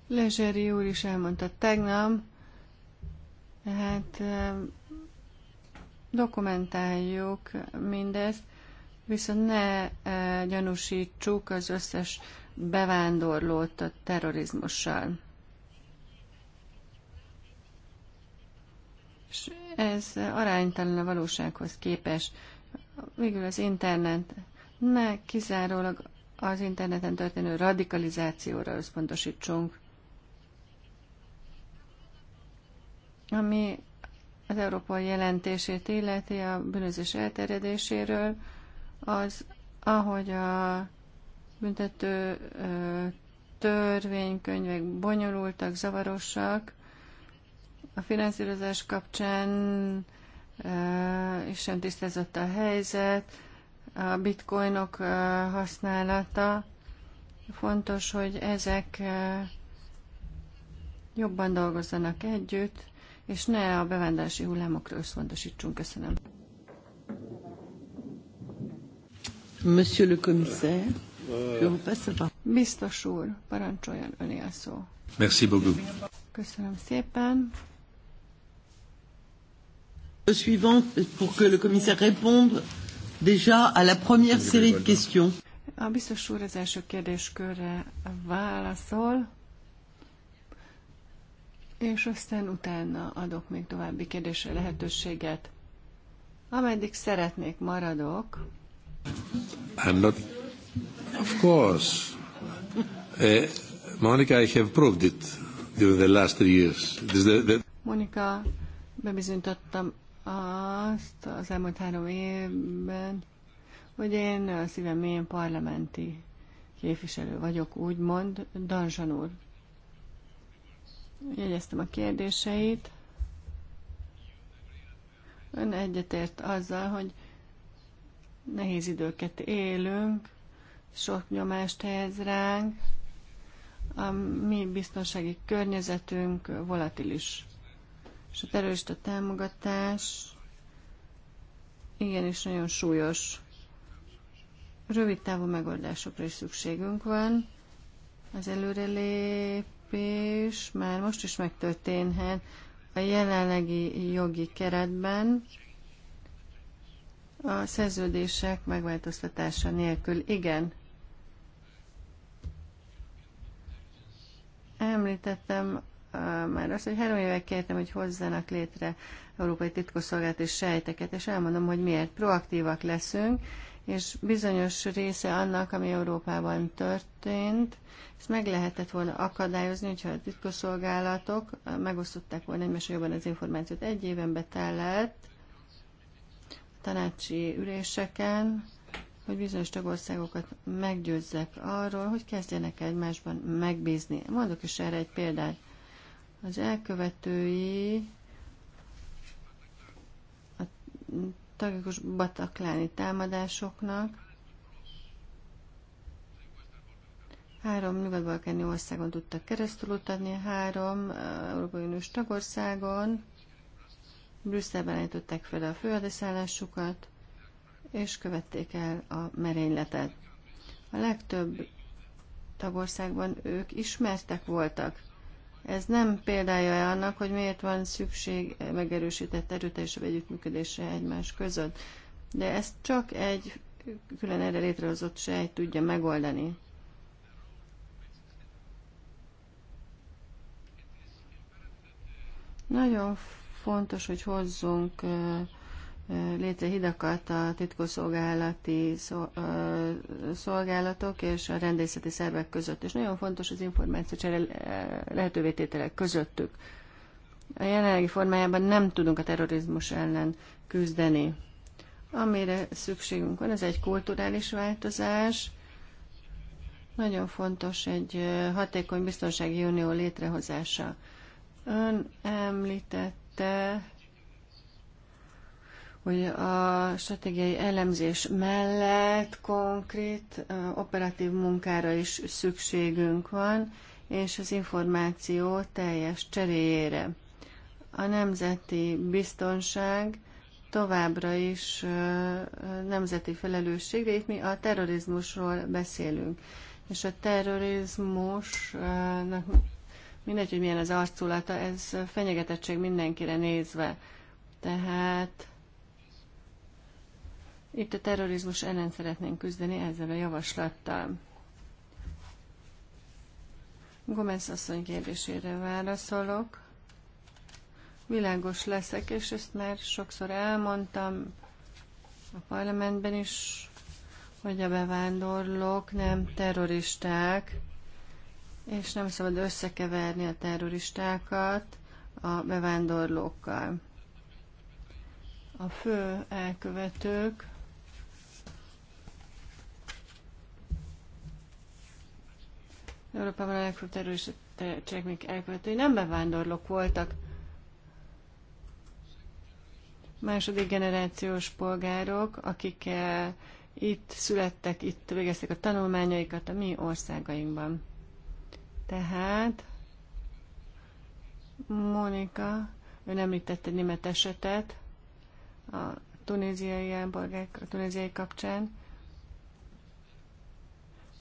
Lezseri úr is elmondta tegnap, tehát dokumentáljuk mindezt, viszont ne gyanúsítsuk az összes bevándorlót a terrorizmussal. És ez aránytalan a valósághoz képes. Végül az internet ne kizárólag az interneten történő radikalizációra összpontosítsunk. ami az Európai jelentését illeti a bűnözés elterjedéséről, az, ahogy a büntető törvénykönyvek bonyolultak, zavarosak, a finanszírozás kapcsán is sem tisztázott a helyzet, a bitcoinok használata. Fontos, hogy ezek jobban dolgozzanak együtt, és ne a bevándorlási hullámokra összpontosítsunk. Köszönöm. Monsieur le commissaire, biztos úr, parancsoljon öné a szó. Merci beaucoup. Köszönöm szépen. Le suivant, pour que le commissaire réponde déjà à la première série de questions. A biztos úr az első kérdéskörre válaszol és aztán utána adok még további kérdésre lehetőséget. Ameddig szeretnék, maradok. I'm not... Of course. Uh, Monica, I have proved it during the last three years. This the, the... Monica, bebizonyítottam azt az elmúlt három évben, hogy én a szívem mélyen parlamenti képviselő vagyok, úgymond, Danzsan úr. Jegyeztem a kérdéseit. Ön egyetért azzal, hogy nehéz időket élünk, sok nyomást helyez ránk, a mi biztonsági környezetünk volatilis. És a terrorista támogatás igenis nagyon súlyos. Rövid távú megoldásokra is szükségünk van. Az előrelép lépés már most is megtörténhet a jelenlegi jogi keretben a szerződések megváltoztatása nélkül. Igen. Említettem már azt, hogy három éve kértem, hogy hozzanak létre Európai Titkosszolgálat és sejteket, és elmondom, hogy miért proaktívak leszünk, és bizonyos része annak, ami Európában történt, ezt meg lehetett volna akadályozni, hogyha a titkosszolgálatok megosztották volna egymással jobban az információt. Egy éven betellett tanácsi üléseken, hogy bizonyos tagországokat meggyőzzek arról, hogy kezdjenek egymásban megbízni. Mondok is erre egy példát. Az elkövetői a tragikus batakláni támadásoknak. Három nyugat-balkáni országon tudtak keresztül utatni, három eh, Európai Uniós tagországon, Brüsszelben állították fel a főadeszállásukat, és követték el a merényletet. A legtöbb tagországban ők ismertek voltak. Ez nem példája annak, hogy miért van szükség megerősített erőteljesebb együttműködésre egymás között. De ezt csak egy külön erre létrehozott sejt tudja megoldani. Nagyon fontos, hogy hozzunk létre hidakat a titkosszolgálati szolgálatok és a rendészeti szervek között, és nagyon fontos az információcsere lehetővé tételek közöttük. A jelenlegi formájában nem tudunk a terrorizmus ellen küzdeni. Amire szükségünk van, ez egy kulturális változás. Nagyon fontos egy hatékony biztonsági unió létrehozása. Ön említette hogy a stratégiai elemzés mellett konkrét operatív munkára is szükségünk van, és az információ teljes cseréjére. A nemzeti biztonság továbbra is nemzeti felelősségre, itt mi a terrorizmusról beszélünk. És a terrorizmusnak mindegy, hogy milyen az arculata, ez fenyegetettség mindenkire nézve. Tehát itt a terrorizmus ellen szeretnénk küzdeni ezzel a javaslattal. Gomez asszony kérdésére válaszolok. Világos leszek, és ezt már sokszor elmondtam a parlamentben is, hogy a bevándorlók nem terroristák, és nem szabad összekeverni a terroristákat a bevándorlókkal. A fő elkövetők Európában a legfőbb terrorista még elkövetői nem bevándorlók voltak, második generációs polgárok, akik eh, itt születtek, itt végezték a tanulmányaikat a mi országainkban. Tehát Mónika, ön említette német esetet a tunéziai állampolgák, a tunéziai kapcsán.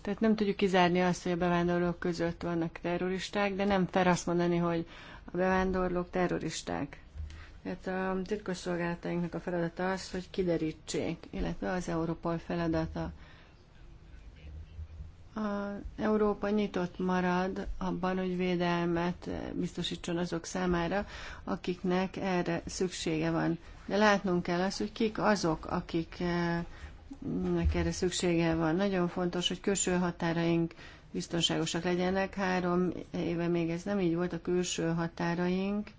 Tehát nem tudjuk kizárni azt, hogy a bevándorlók között vannak terroristák, de nem fel azt mondani, hogy a bevándorlók terroristák. Tehát a titkosszolgálatainknak a feladata az, hogy kiderítsék, illetve az európai feladata. A Európa nyitott marad abban, hogy védelmet biztosítson azok számára, akiknek erre szüksége van. De látnunk kell azt, hogy kik azok, akik erre szüksége van. Nagyon fontos, hogy külső határaink biztonságosak legyenek. Három éve még ez nem így volt, a külső határaink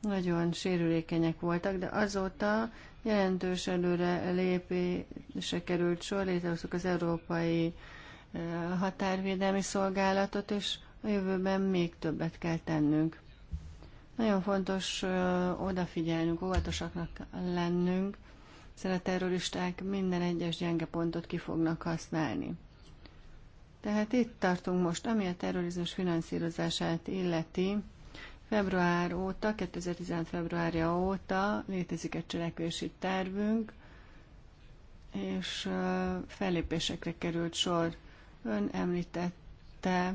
nagyon sérülékenyek voltak, de azóta jelentős előre lépése került sor, létrehoztuk az Európai Határvédelmi Szolgálatot, és a jövőben még többet kell tennünk. Nagyon fontos odafigyelnünk, óvatosaknak lennünk, hiszen a terroristák minden egyes gyenge pontot ki fognak használni. Tehát itt tartunk most, ami a terrorizmus finanszírozását illeti. Február óta, 2016. februárja óta létezik egy cselekvési tervünk, és fellépésekre került sor. Ön említette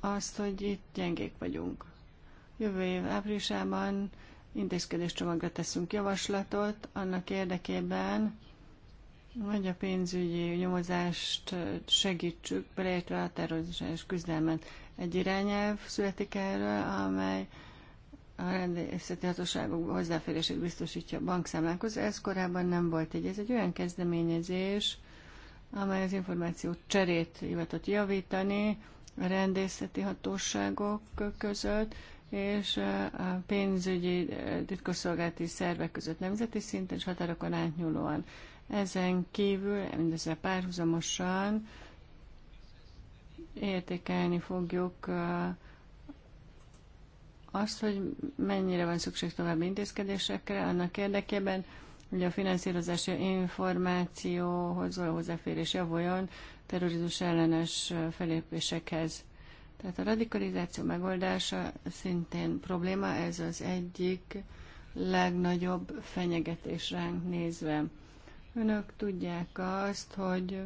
azt, hogy itt gyengék vagyunk. Jövő év áprilisában csomagra teszünk javaslatot annak érdekében, hogy a pénzügyi nyomozást segítsük, beleértve a terrorizmus küzdelmet. Egy irányelv születik erről, amely a rendészeti hatóságok hozzáférését biztosítja a bankszámlákhoz. Ez korábban nem volt így. Ez egy olyan kezdeményezés, amely az információ cserét hivatott javítani a rendészeti hatóságok között, és a pénzügyi titkosszolgálati szervek között nemzeti szinten és határokon átnyúlóan. Ezen kívül mindezzel párhuzamosan értékelni fogjuk azt, hogy mennyire van szükség további intézkedésekre annak érdekében, hogy a finanszírozási információhoz való hozzáférés javuljon terrorizmus ellenes felépésekhez. Tehát a radikalizáció megoldása szintén probléma, ez az egyik legnagyobb fenyegetés ránk nézve. Önök tudják azt, hogy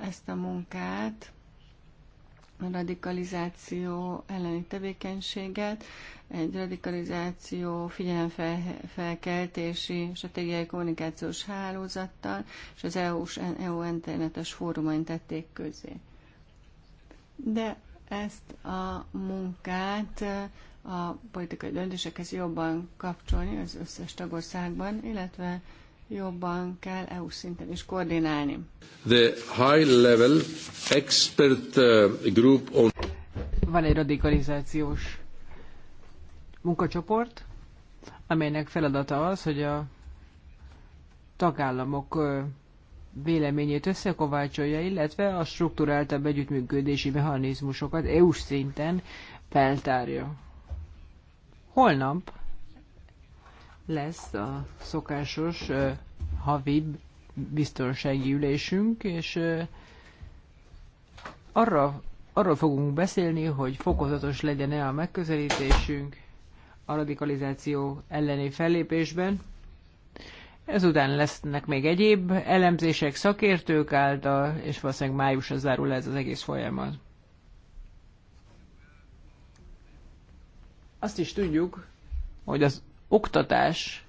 ezt a munkát, a radikalizáció elleni tevékenységet, egy radikalizáció figyelemfelkeltési stratégiai kommunikációs hálózattal és az EU-s EU internetes fórumain tették közé de ezt a munkát eh, a politikai döntésekhez jobban kapcsolni az összes tagországban, illetve jobban kell EU szinten is koordinálni. The high level expert eh, group on... Van egy radikalizációs munkacsoport, amelynek feladata az, hogy a tagállamok eh, véleményét összekovácsolja, illetve a struktúráltabb együttműködési mechanizmusokat EU-s szinten feltárja. Holnap lesz a szokásos uh, havi biztonsági ülésünk, és uh, arra, arról fogunk beszélni, hogy fokozatos legyen-e a megközelítésünk a radikalizáció elleni fellépésben, Ezután lesznek még egyéb elemzések szakértők által, és valószínűleg májusra zárul ez az egész folyamat. Azt is tudjuk, hogy az oktatás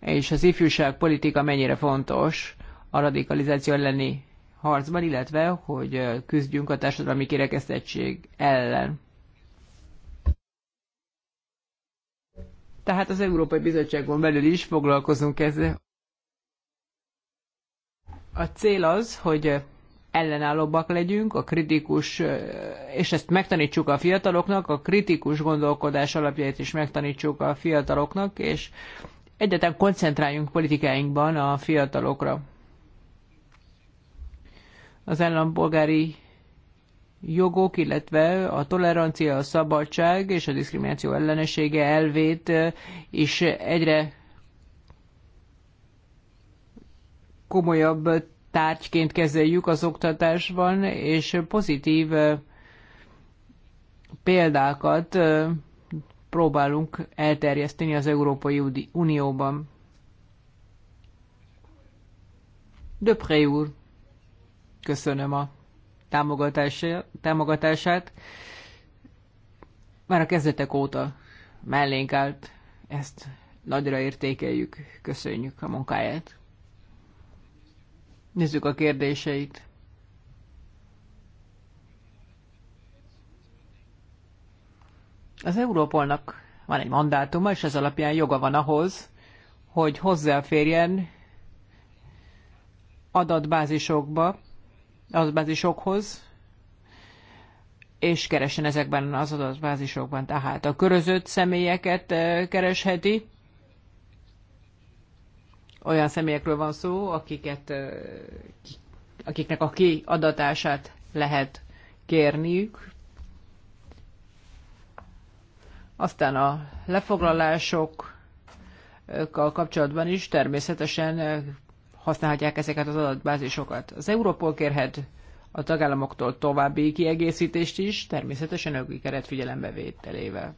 és az ifjúság politika mennyire fontos a radikalizáció elleni harcban, illetve hogy küzdjünk a társadalmi kirekesztettség ellen. tehát az Európai Bizottságon belül is foglalkozunk ezzel. A cél az, hogy ellenállóbbak legyünk, a kritikus, és ezt megtanítsuk a fiataloknak, a kritikus gondolkodás alapjait is megtanítsuk a fiataloknak, és egyetlen koncentráljunk politikáinkban a fiatalokra. Az állampolgári jogok, illetve a tolerancia, a szabadság és a diszkrimináció ellenessége elvét is egyre komolyabb tárgyként kezeljük az oktatásban, és pozitív példákat próbálunk elterjeszteni az Európai Unióban. Döpré úr, köszönöm a támogatását. Már a kezdetek óta mellénk állt, ezt nagyra értékeljük, köszönjük a munkáját. Nézzük a kérdéseit. Az Európolnak van egy mandátuma, és ez alapján joga van ahhoz, hogy hozzáférjen adatbázisokba, az bázisokhoz, és keresen ezekben az bázisokban. Tehát a körözött személyeket eh, keresheti, olyan személyekről van szó, akiket, eh, akiknek a kiadatását lehet kérniük. Aztán a lefoglalásokkal kapcsolatban is természetesen eh, használhatják ezeket az adatbázisokat. Az Európol kérhet a tagállamoktól további kiegészítést is, természetesen jogi keret figyelembevételével.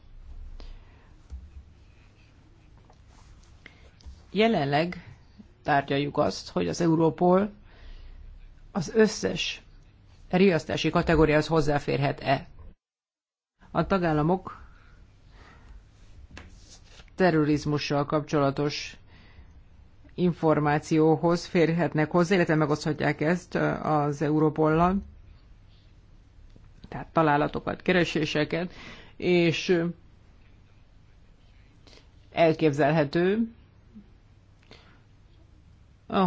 Jelenleg tárgyaljuk azt, hogy az Európol az összes riasztási kategóriához hozzáférhet-e. A tagállamok terrorizmussal kapcsolatos információhoz férhetnek hozzá, illetve megoszthatják ezt az Európollal, tehát találatokat, kereséseket, és elképzelhető,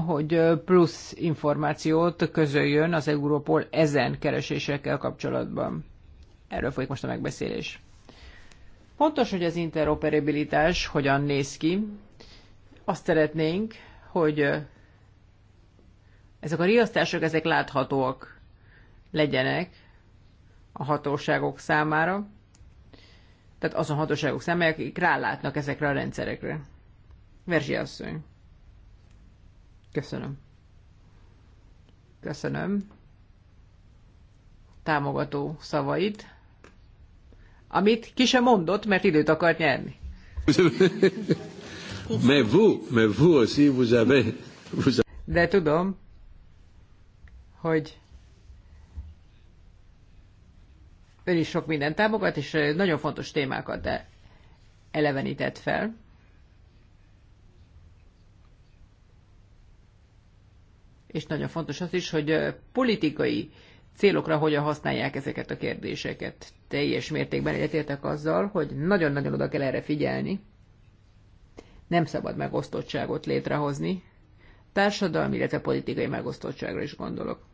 hogy plusz információt közöljön az Európol ezen keresésekkel kapcsolatban. Erről folyik most a megbeszélés. Pontos, hogy az interoperabilitás hogyan néz ki, azt szeretnénk, hogy ezek a riasztások, ezek láthatóak legyenek a hatóságok számára, tehát azon hatóságok számára, akik rálátnak ezekre a rendszerekre. Verzsi asszony. Köszönöm. Köszönöm. Támogató szavait, amit ki sem mondott, mert időt akart nyerni. Mais vous, mais vous aussi, vous avez... Vous... De tudom, hogy ön is sok mindent támogat, és nagyon fontos témákat elevenített fel. És nagyon fontos az is, hogy politikai célokra hogyan használják ezeket a kérdéseket. Teljes mértékben egyetértek azzal, hogy nagyon-nagyon oda kell erre figyelni. Nem szabad megosztottságot létrehozni, társadalmi, illetve politikai megosztottságra is gondolok.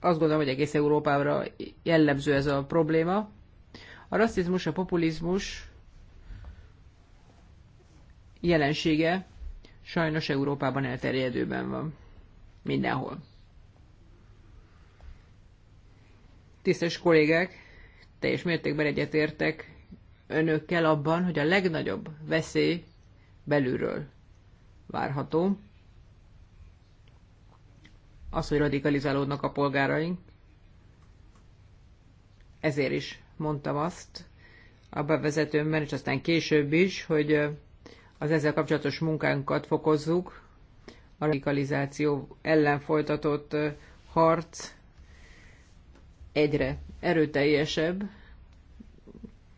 Azt gondolom, hogy egész Európára jellemző ez a probléma. A rasszizmus, a populizmus jelensége sajnos Európában elterjedőben van. Mindenhol. tisztes kollégák, teljes mértékben egyetértek önökkel abban, hogy a legnagyobb veszély belülről várható. Az, hogy radikalizálódnak a polgáraink. Ezért is mondtam azt a bevezetőmben, és aztán később is, hogy az ezzel kapcsolatos munkánkat fokozzuk, a radikalizáció ellen folytatott harc egyre erőteljesebb,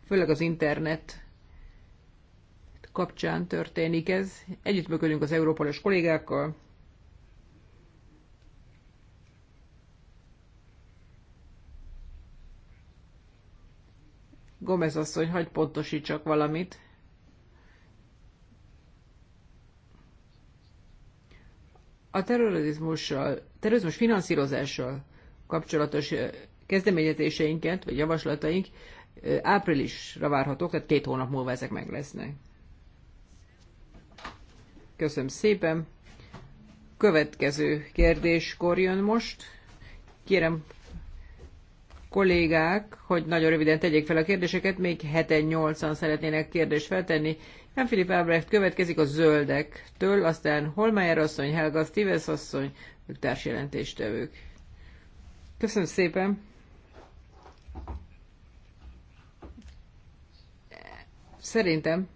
főleg az internet kapcsán történik ez. Együttműködünk az európai kollégákkal, Gomez asszony, hagyd pontosítsak valamit. A terrorizmussal, terrorizmus finanszírozással kapcsolatos kezdeményezéseinket, vagy javaslataink áprilisra várhatók, tehát két hónap múlva ezek meg lesznek. Köszönöm szépen. Következő kérdéskor jön most. Kérem kollégák, hogy nagyon röviden tegyék fel a kérdéseket, még 7-8-an szeretnének kérdést feltenni. Nem Filip Ábrecht következik a zöldektől, aztán Holmeyer asszony, Helga Stevens asszony, ők társjelentéstevők. Köszönöm szépen! Szerintem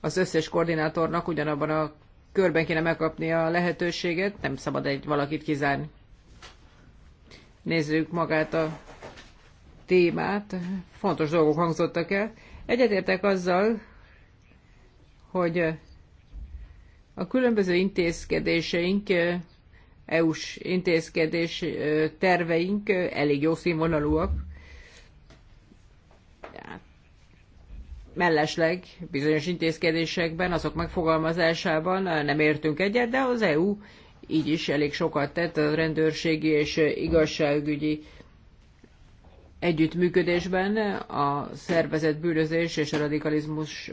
az összes koordinátornak ugyanabban a körben kéne megkapni a lehetőséget, nem szabad egy valakit kizárni. Nézzük magát a témát, fontos dolgok hangzottak el. Egyetértek azzal, hogy a különböző intézkedéseink EU-s intézkedés terveink elég jó színvonalúak. Mellesleg bizonyos intézkedésekben, azok megfogalmazásában nem értünk egyet, de az EU így is elég sokat tett a rendőrségi és igazságügyi együttműködésben, a szervezett bűnözés és a radikalizmus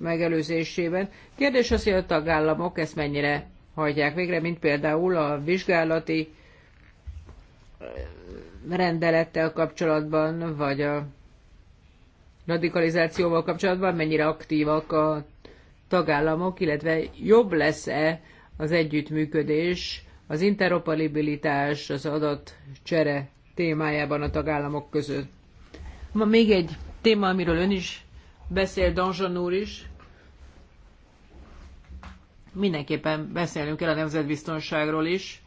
megelőzésében. Kérdés az, hogy a tagállamok ezt mennyire hajtják végre, mint például a vizsgálati eh, rendelettel kapcsolatban, vagy a radikalizációval kapcsolatban, mennyire aktívak a tagállamok, illetve jobb lesz-e az együttműködés, az interoperabilitás, az adatcsere témájában a tagállamok között. Ma még egy téma, amiről ön is beszél, Danzsan úr is, mindenképpen beszélnünk kell a nemzetbiztonságról is.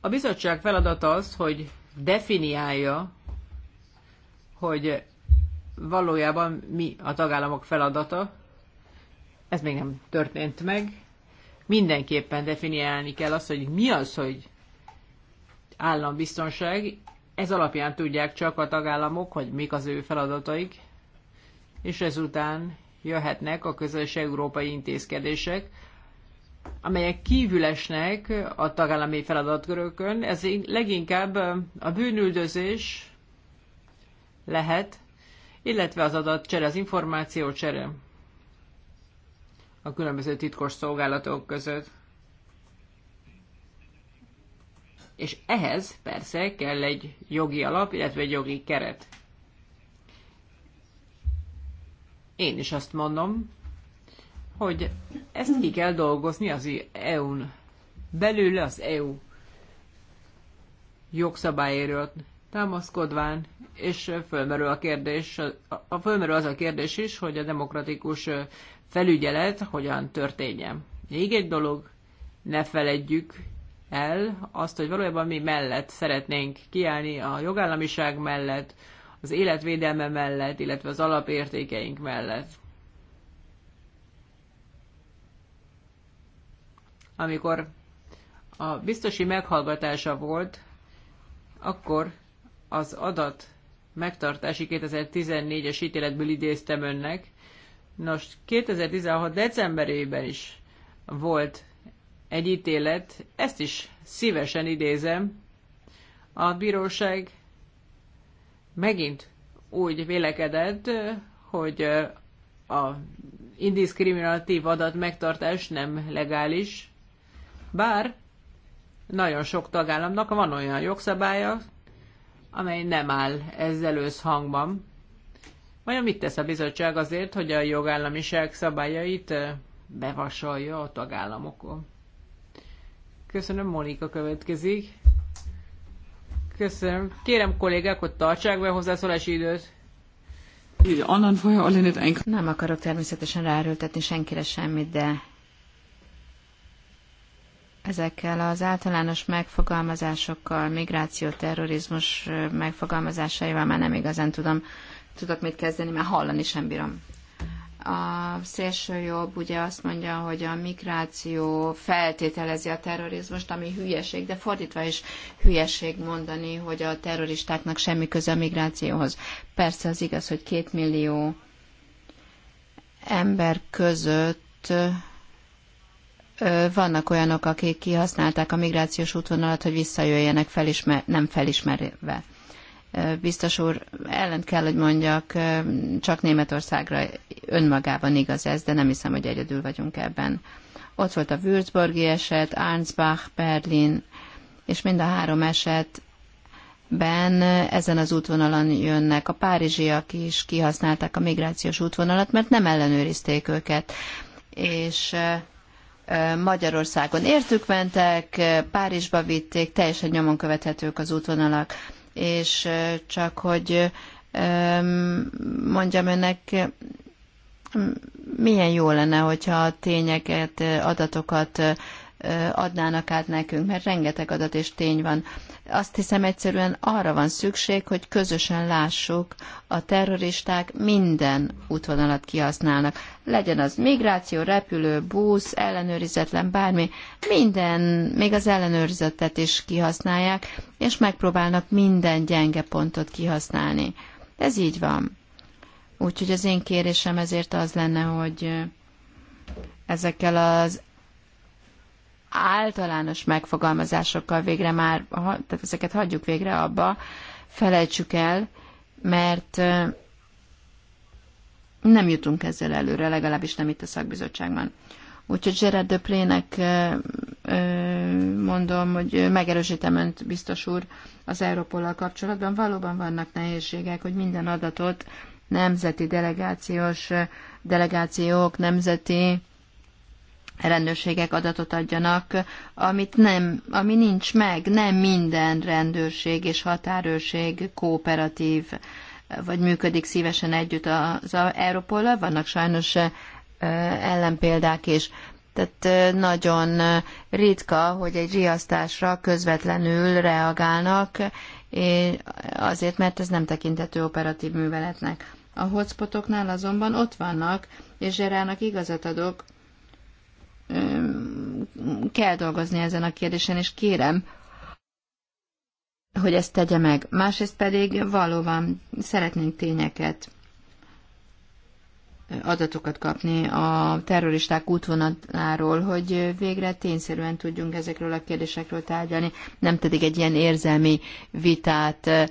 A bizottság feladata az, hogy definiálja, hogy valójában mi a tagállamok feladata. Ez még nem történt meg. Mindenképpen definiálni kell azt, hogy mi az, hogy állambiztonság. Ez alapján tudják csak a tagállamok, hogy mik az ő feladataik, és ezután jöhetnek a közös európai intézkedések, amelyek kívülesnek a tagállami feladatkörökön. Ez leginkább a bűnüldözés lehet, illetve az adatcsere, az információcsere a különböző titkos szolgálatok között. És ehhez persze kell egy jogi alap, illetve egy jogi keret. Én is azt mondom, hogy ezt ki kell dolgozni az EU-n belül, az EU jogszabályéről támaszkodván, és fölmerül, a kérdés, a, fölmerül az a kérdés is, hogy a demokratikus felügyelet hogyan történjen. Még egy dolog, ne feledjük el azt, hogy valójában mi mellett szeretnénk kiállni a jogállamiság mellett, az életvédelme mellett, illetve az alapértékeink mellett. Amikor a biztosi meghallgatása volt, akkor az adat megtartási 2014-es ítéletből idéztem önnek. Nos, 2016. decemberében is volt egy ítélet, ezt is szívesen idézem. A bíróság megint úgy vélekedett, hogy a indiszkriminatív adat megtartás nem legális, bár nagyon sok tagállamnak van olyan jogszabálya, amely nem áll ezzel összhangban. Vajon mit tesz a bizottság azért, hogy a jogállamiság szabályait bevasalja a tagállamokon? Köszönöm, Monika következik. Köszönöm. Kérem kollégák, hogy tartsák be a hozzászólási időt. Nem akarok természetesen ráerőltetni senkire semmit, de ezekkel az általános megfogalmazásokkal, migráció, terrorizmus megfogalmazásaival már nem igazán tudom, tudok mit kezdeni, mert hallani sem bírom a szélső jobb ugye azt mondja, hogy a migráció feltételezi a terrorizmust, ami hülyeség, de fordítva is hülyeség mondani, hogy a terroristáknak semmi köze a migrációhoz. Persze az igaz, hogy két millió ember között vannak olyanok, akik kihasználták a migrációs útvonalat, hogy visszajöjjenek felismer- nem felismerve biztos úr, ellent kell, hogy mondjak, csak Németországra önmagában igaz ez, de nem hiszem, hogy egyedül vagyunk ebben. Ott volt a Würzburgi eset, Arnsbach, Berlin, és mind a három esetben ezen az útvonalon jönnek. A párizsiak is kihasználták a migrációs útvonalat, mert nem ellenőrizték őket. És Magyarországon értük mentek, Párizsba vitték, teljesen nyomon követhetők az útvonalak és csak hogy mondjam önnek, milyen jó lenne, hogyha a tényeket, adatokat adnának át nekünk, mert rengeteg adat és tény van. Azt hiszem egyszerűen arra van szükség, hogy közösen lássuk, a terroristák minden útvonalat kihasználnak. Legyen az migráció, repülő, busz, ellenőrizetlen, bármi, minden, még az ellenőrizetet is kihasználják, és megpróbálnak minden gyenge pontot kihasználni. Ez így van. Úgyhogy az én kérésem ezért az lenne, hogy ezekkel az általános megfogalmazásokkal végre már, tehát ezeket hagyjuk végre abba, felejtsük el, mert nem jutunk ezzel előre, legalábbis nem itt a szakbizottságban. Úgyhogy Gerard Döplének mondom, hogy megerősítem önt, biztos úr, az Európollal kapcsolatban. Valóban vannak nehézségek, hogy minden adatot nemzeti delegációs delegációk, nemzeti rendőrségek adatot adjanak, amit nem, ami nincs meg, nem minden rendőrség és határőrség kooperatív, vagy működik szívesen együtt az Európollal, vannak sajnos ellenpéldák is. Tehát nagyon ritka, hogy egy riasztásra közvetlenül reagálnak, azért, mert ez nem tekintető operatív műveletnek. A hotspotoknál azonban ott vannak, és Zserának igazat adok, kell dolgozni ezen a kérdésen, és kérem, hogy ezt tegye meg. Másrészt pedig valóban szeretnénk tényeket, adatokat kapni a terroristák útvonaláról, hogy végre tényszerűen tudjunk ezekről a kérdésekről tárgyalni, nem pedig egy ilyen érzelmi vitát eh,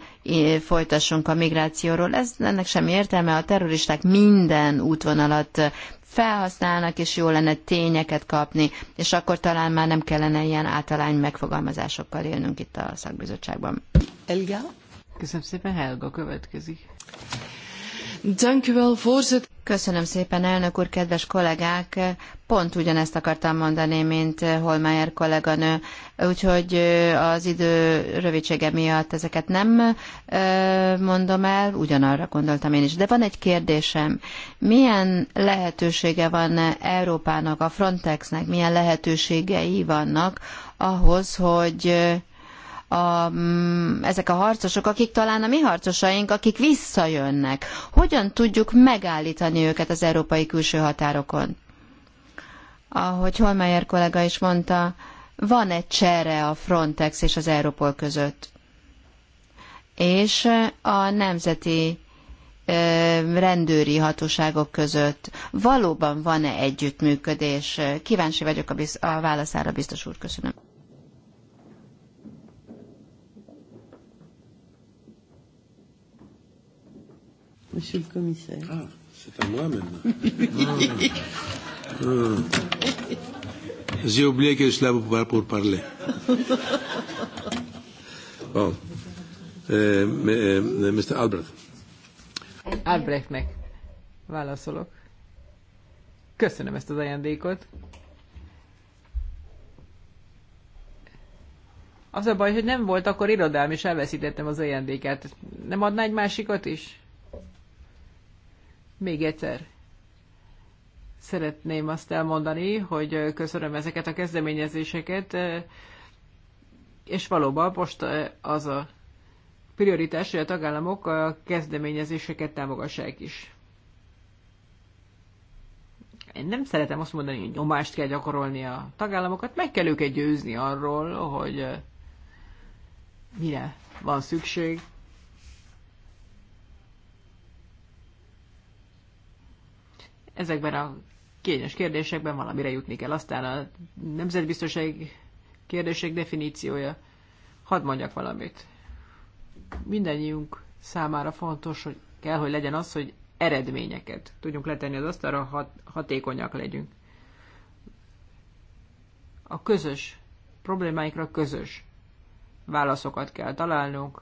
folytassunk a migrációról. Ez, ennek semmi értelme, a terroristák minden útvonalat felhasználnak, és jó lenne tényeket kapni, és akkor talán már nem kellene ilyen általány megfogalmazásokkal élnünk itt a szakbizottságban. Elga? Köszönöm szépen, Helga következik. Köszönöm szépen, elnök úr, kedves kollégák! Pont ugyanezt akartam mondani, mint eh, Holmeier kolléganő, úgyhogy eh, az idő rövidsége miatt ezeket nem eh, mondom el, ugyanarra gondoltam én is. De van egy kérdésem. Milyen lehetősége van Európának, a Frontexnek, milyen lehetőségei vannak ahhoz, hogy a, mm, ezek a harcosok, akik talán a mi harcosaink, akik visszajönnek. Hogyan tudjuk megállítani őket az európai külső határokon? Ahogy Holmeyer kollega is mondta, van egy csere a Frontex és az Europol között. És a nemzeti rendőri hatóságok között valóban van-e együttműködés? Kíváncsi vagyok a, biz- a válaszára, biztos úr, köszönöm. Monsieur le commissaire. Ah, c'est à moi maintenant. Ah. J'ai oublié que je suis là pour parler. Bon. Euh, mais, euh, Mr. Albrecht. Albrechtnek válaszolok. Köszönöm ezt az ajándékot. Az a baj, hogy nem volt akkor irodám, és elveszítettem az ajándékát. Nem adná egy másikat is? Még egyszer szeretném azt elmondani, hogy köszönöm ezeket a kezdeményezéseket, és valóban most eh, az a prioritás, hogy a tagállamok a kezdeményezéseket támogassák is. Én nem szeretem azt mondani, hogy nyomást kell gyakorolni a tagállamokat, meg kell őket győzni arról, hogy eh, mire van szükség, ezekben a kényes kérdésekben valamire jutni kell. Aztán a nemzetbiztonság kérdések definíciója. Hadd mondjak valamit. Mindennyiunk számára fontos, hogy kell, hogy legyen az, hogy eredményeket tudjunk letenni az asztalra, hat, hatékonyak legyünk. A közös problémáikra közös válaszokat kell találnunk.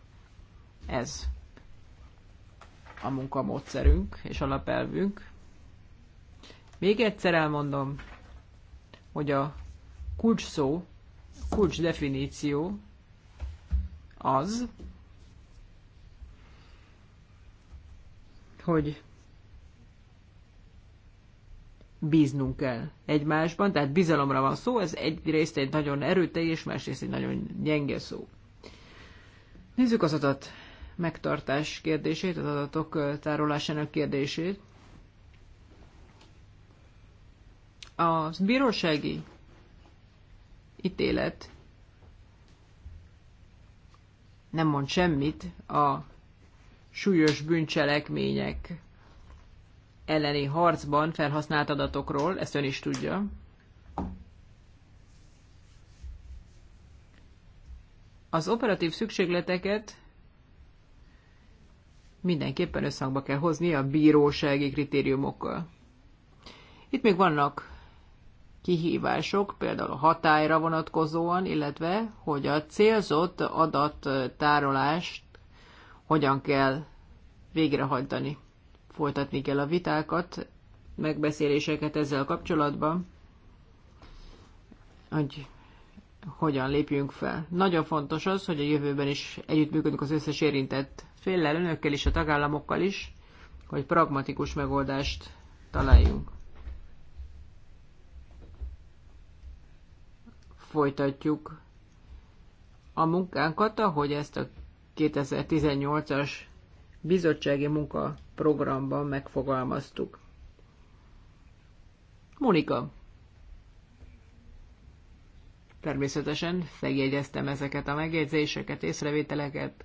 Ez a munkamódszerünk és alapelvünk. Még egyszer elmondom, hogy a kulcs szó, kulcs definíció az, hogy bíznunk kell egymásban, tehát bizalomra van szó, ez egyrészt egy nagyon erőteljes, másrészt egy nagyon gyenge szó. Nézzük az adat megtartás kérdését, az adatok tárolásának kérdését. a bírósági ítélet nem mond semmit a súlyos bűncselekmények elleni harcban felhasznált adatokról, ezt ön is tudja. Az operatív szükségleteket mindenképpen összhangba kell hozni a bírósági kritériumokkal. Itt még vannak kihívások, például a hatályra vonatkozóan, illetve hogy a célzott adattárolást hogyan kell végrehajtani. Folytatni kell a vitákat, megbeszéléseket ezzel kapcsolatban, hogy hogyan lépjünk fel. Nagyon fontos az, hogy a jövőben is együttműködünk az összes érintett féllel, önökkel is, a tagállamokkal is, hogy pragmatikus megoldást találjunk. folytatjuk a munkánkat, ahogy ezt a 2018-as bizottsági munkaprogramban megfogalmaztuk. Monika. Természetesen feljegyeztem ezeket a megjegyzéseket, észrevételeket.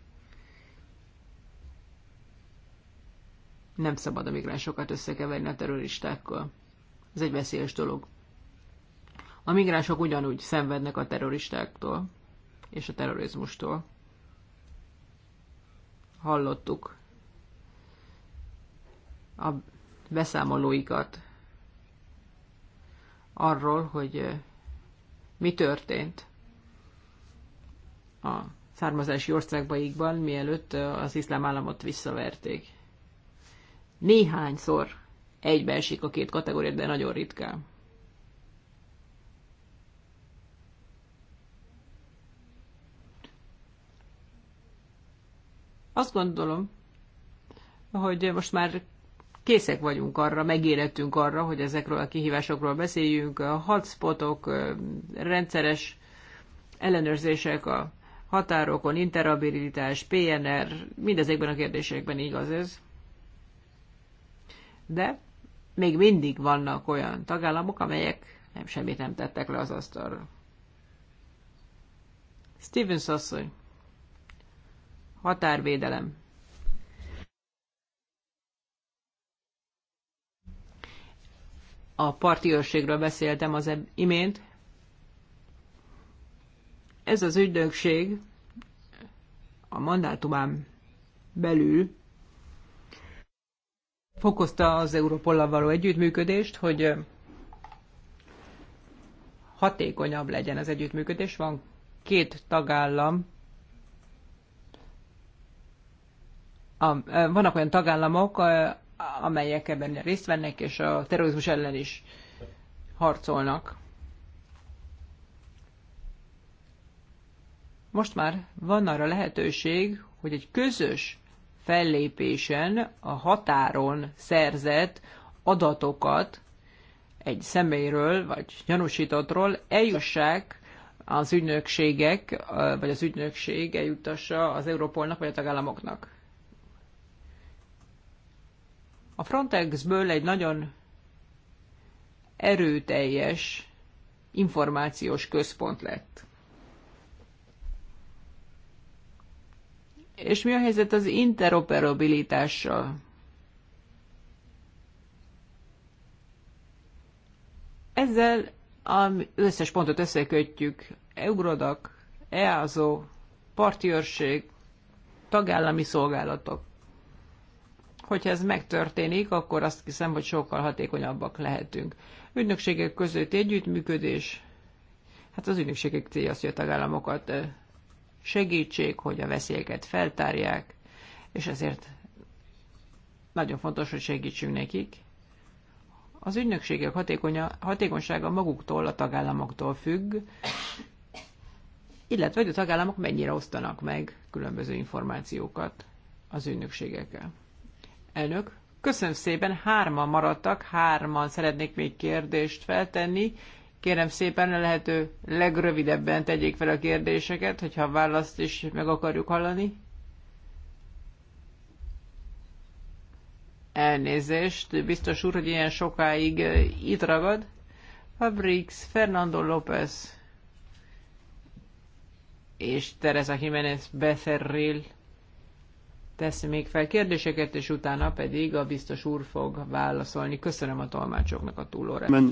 Nem szabad a migránsokat összekeverni a terroristákkal. Ez egy veszélyes dolog. A migránsok ugyanúgy szenvednek a terroristáktól és a terrorizmustól. Hallottuk a beszámolóikat arról, hogy eh, mi történt a származási országbaikban, mielőtt eh, az iszlám államot visszaverték. Néhányszor egybeesik a két kategória, de nagyon ritkán. Azt gondolom, hogy most már készek vagyunk arra, megérettünk arra, hogy ezekről a kihívásokról beszéljünk, a hotspotok, rendszeres ellenőrzések a határokon, interabilitás, PNR, mindezekben a kérdésekben igaz ez. De még mindig vannak olyan tagállamok, amelyek nem semmit nem tettek le az asztalra. Stevens asszony határvédelem. A parti őrségről beszéltem az imént. Ez az ügynökség a mandátumán belül fokozta az Európollal való együttműködést, hogy hatékonyabb legyen az együttműködés. Van két tagállam, a, vannak olyan tagállamok, amelyek ebben részt vennek, és a terrorizmus ellen is harcolnak. Most már van arra lehetőség, hogy egy közös fellépésen a határon szerzett adatokat egy személyről vagy gyanúsítottról eljussák az ügynökségek, vagy az ügynökség eljutassa az Európolnak vagy a tagállamoknak. A Frontexből egy nagyon erőteljes információs központ lett. És mi a helyzet az interoperabilitással? Ezzel az összes pontot összekötjük. Eurodac, EASO, partiőrség, tagállami szolgálatok. Hogyha ez megtörténik, akkor azt hiszem, hogy sokkal hatékonyabbak lehetünk. Ügynökségek közötti együttműködés, hát az ügynökségek célja az, hogy a tagállamokat segítsék, hogy a veszélyeket feltárják, és ezért nagyon fontos, hogy segítsünk nekik. Az ügynökségek hatékonysága maguktól, a tagállamoktól függ, illetve hogy a tagállamok mennyire osztanak meg különböző információkat az ügynökségekkel. Elnök, köszönöm szépen, hárman maradtak, hárman szeretnék még kérdést feltenni. Kérem szépen a lehető legrövidebben tegyék fel a kérdéseket, hogyha a választ is meg akarjuk hallani. Elnézést, biztos úr, hogy ilyen sokáig eh, itt ragad. Fabrix, Fernando López és Teresa Jiménez Becerril tesz még fel kérdéseket, és utána pedig a biztos úr fog válaszolni. Köszönöm a tolmácsoknak a túlóra.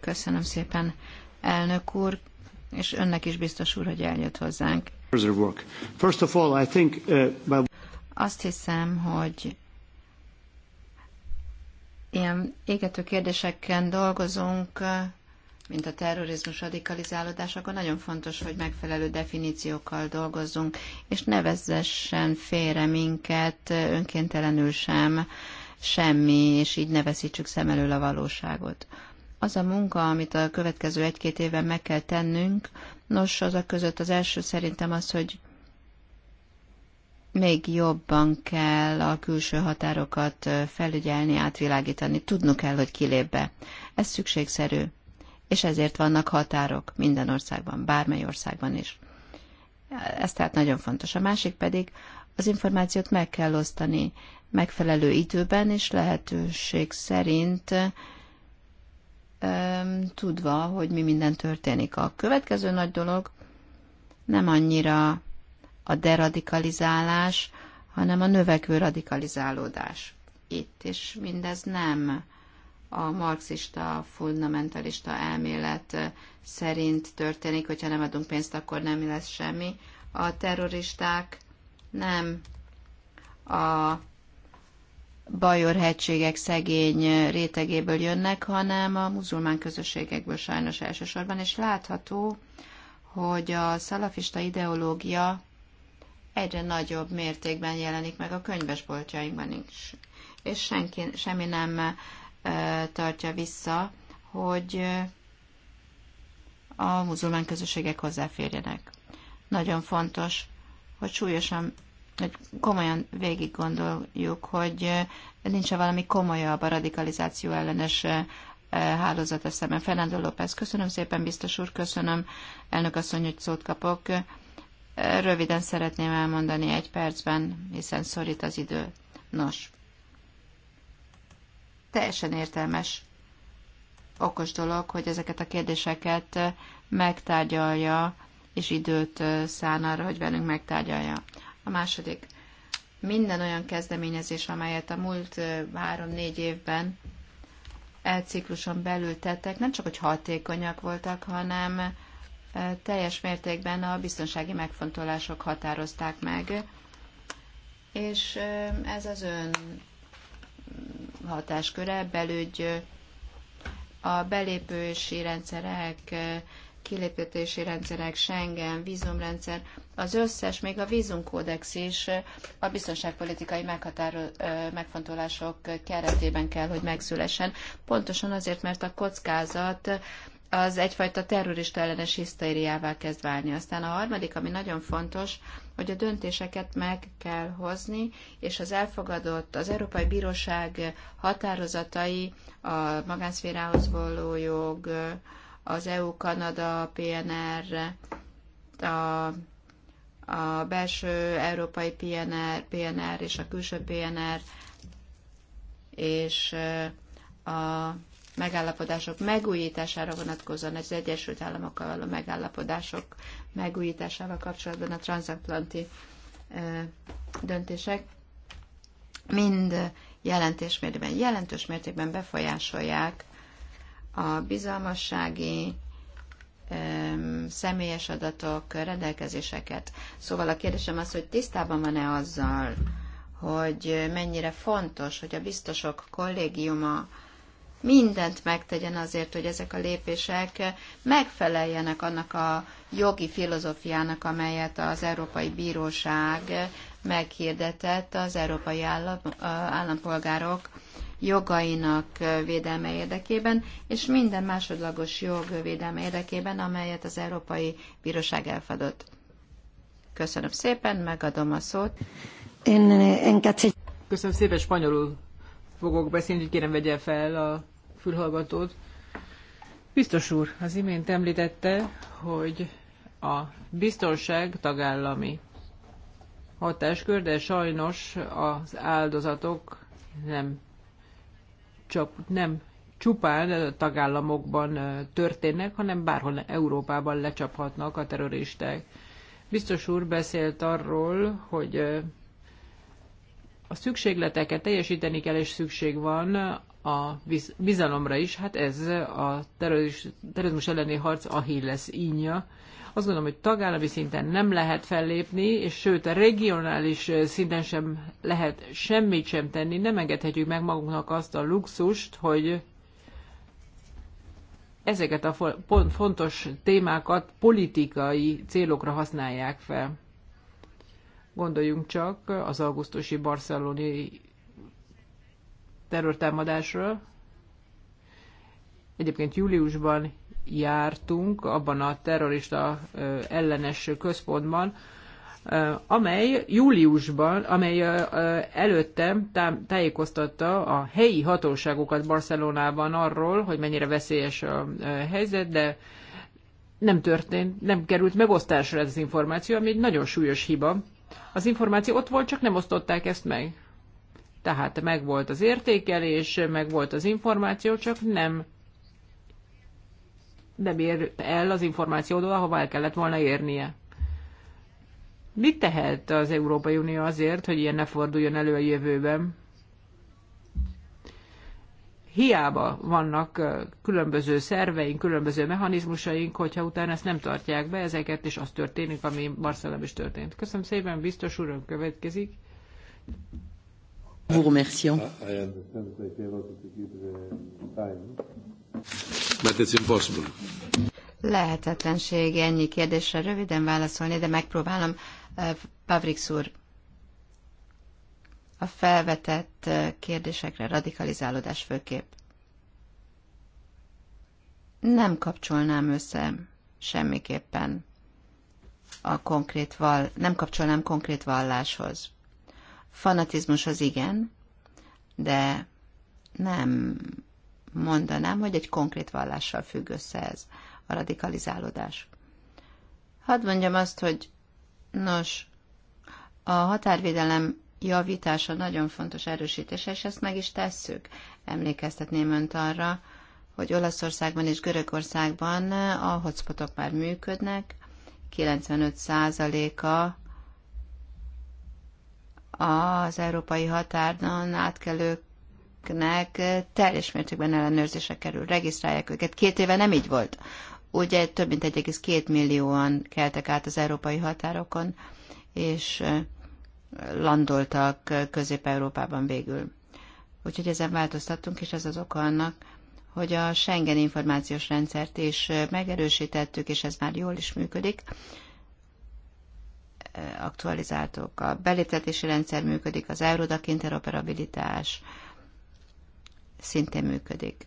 Köszönöm szépen, elnök úr, és önnek is biztos úr, hogy eljött hozzánk. Uh, Azt hiszem, hogy ilyen égető kérdéseken dolgozunk, mint a terrorizmus radikalizálódás, akkor nagyon fontos, hogy megfelelő definíciókkal dolgozzunk, és nevezzessen félre minket önkéntelenül sem semmi, és így ne veszítsük szem elől a valóságot. Az a munka, amit a következő egy-két évben meg kell tennünk, nos, az a között az első szerintem az, hogy még jobban kell a külső határokat felügyelni, átvilágítani. Tudnunk kell, hogy kilép be. Ez szükségszerű és ezért vannak határok minden országban, bármely országban is. Ez tehát nagyon fontos. A másik pedig az információt meg kell osztani megfelelő időben és lehetőség szerint tudva, hogy mi minden történik. A következő nagy dolog nem annyira a deradikalizálás, hanem a növekvő radikalizálódás itt, és mindez nem a marxista, fundamentalista elmélet szerint történik, hogyha nem adunk pénzt, akkor nem lesz semmi. A terroristák nem a Bajor hegységek szegény rétegéből jönnek, hanem a muzulmán közösségekből sajnos elsősorban, és látható, hogy a szalafista ideológia egyre nagyobb mértékben jelenik meg a könyvesboltjainkban is. És senki, semmi nem tartja vissza, hogy a muzulmán közösségek hozzáférjenek. Nagyon fontos, hogy súlyosan, hogy komolyan végig gondoljuk, hogy nincs-e valami komolyabb a radikalizáció ellenes hálózata szemben. Fernando López, köszönöm szépen, biztos úr, köszönöm, elnök asszony, hogy szót kapok. Röviden szeretném elmondani egy percben, hiszen szorít az idő. Nos, teljesen értelmes, okos dolog, hogy ezeket a kérdéseket eh, megtárgyalja, és időt eh, szán arra, hogy velünk megtárgyalja. A második, minden olyan kezdeményezés, amelyet a múlt eh, három-négy évben elcikluson belül tettek, nem csak, hogy hatékonyak voltak, hanem teljes mértékben a biztonsági megfontolások határozták meg, és ez az ön hatásköre, belügy, a belépősi rendszerek, kiléptetési rendszerek, Schengen, vízumrendszer, az összes, még a vízumkódex is a biztonságpolitikai meghatáró, megfontolások keretében kell, hogy megszülessen. Pontosan azért, mert a kockázat az egyfajta terrorista ellenes hisztériává kezd válni. Aztán a harmadik, ami nagyon fontos, hogy a döntéseket meg kell hozni, és az elfogadott, az Európai Bíróság határozatai, a magánszférához való jog, az EU-Kanada, PNR, a, a belső európai PNR, PNR és a külső PNR, és a megállapodások megújítására vonatkozóan, az Egyesült Államokkal való megállapodások megújításával kapcsolatban a transatlanti döntések mind jelentés mértékben, jelentős mértékben befolyásolják a bizalmassági személyes adatok, rendelkezéseket. Szóval a kérdésem az, hogy tisztában van-e azzal, hogy mennyire fontos, hogy a biztosok kollégiuma mindent megtegyen azért, hogy ezek a lépések megfeleljenek annak a jogi filozófiának, amelyet az Európai Bíróság meghirdetett az európai állam, állampolgárok jogainak védelme érdekében, és minden másodlagos jog védelme érdekében, amelyet az Európai Bíróság elfadott. Köszönöm szépen, megadom a szót. Eh, Köszönöm szépen, spanyolul fogok beszélni, hogy kérem vegye fel a fülhallgatót. Biztos úr, az imént említette, hogy a biztonság tagállami hatáskör, de sajnos az áldozatok nem, csak, nem csupán tagállamokban történnek, hanem bárhol Európában lecsaphatnak a terroristák. Biztos úr beszélt arról, hogy a szükségleteket teljesíteni kell, és szükség van a bizalomra is, hát ez a terrorizmus elleni harc lesz ínya. Azt gondolom, hogy tagállami szinten nem lehet fellépni, és sőt a regionális szinten sem lehet semmit sem tenni. Nem engedhetjük meg magunknak azt a luxust, hogy ezeket a fontos témákat politikai célokra használják fel. Gondoljunk csak az augusztusi barcelonai terrortámadásról. Egyébként júliusban jártunk abban a terrorista ellenes központban, amely júliusban, amely előtte tájékoztatta a helyi hatóságokat Barcelonában arról, hogy mennyire veszélyes a helyzet, de nem történt, nem került megosztásra ez az információ, ami egy nagyon súlyos hiba. Az információ ott volt, csak nem osztották ezt meg. Tehát megvolt az értékelés, megvolt az információ, csak nem nem ér el az információdól, ahova el kellett volna érnie. Mit tehet az Európai Unió azért, hogy ilyen ne forduljon elő a jövőben? Hiába vannak különböző szerveink, különböző mechanizmusaink, hogyha utána ezt nem tartják be ezeket, és az történik, ami barcelona is történt. Köszönöm szépen, biztos úr, következik. Vous remercions. Ah, Lehetetlenség ennyi kérdésre röviden válaszolni, de megpróbálom. Eh, Pavrix úr, a felvetett eh, kérdésekre radikalizálódás főkép. Nem kapcsolnám össze semmiképpen a konkrét val, nem kapcsolnám konkrét valláshoz. Fanatizmus az igen, de nem mondanám, hogy egy konkrét vallással függ össze ez a radikalizálódás. Hadd mondjam azt, hogy nos, a határvédelem javítása nagyon fontos erősítése, és ezt meg is tesszük. Emlékeztetném önt arra, hogy Olaszországban és Görögországban a hotspotok már működnek, 95%-a az európai határon átkelőknek teljes mértékben ellenőrzése kerül, regisztrálják őket. Két éve nem így volt. Ugye több mint 1,2 millióan keltek át az európai határokon, és landoltak Közép-Európában végül. Úgyhogy ezen változtattunk, és ez az oka annak, hogy a Schengen információs rendszert is megerősítettük, és ez már jól is működik aktualizáltuk. A beléptetési rendszer működik, az Eurodac interoperabilitás szintén működik.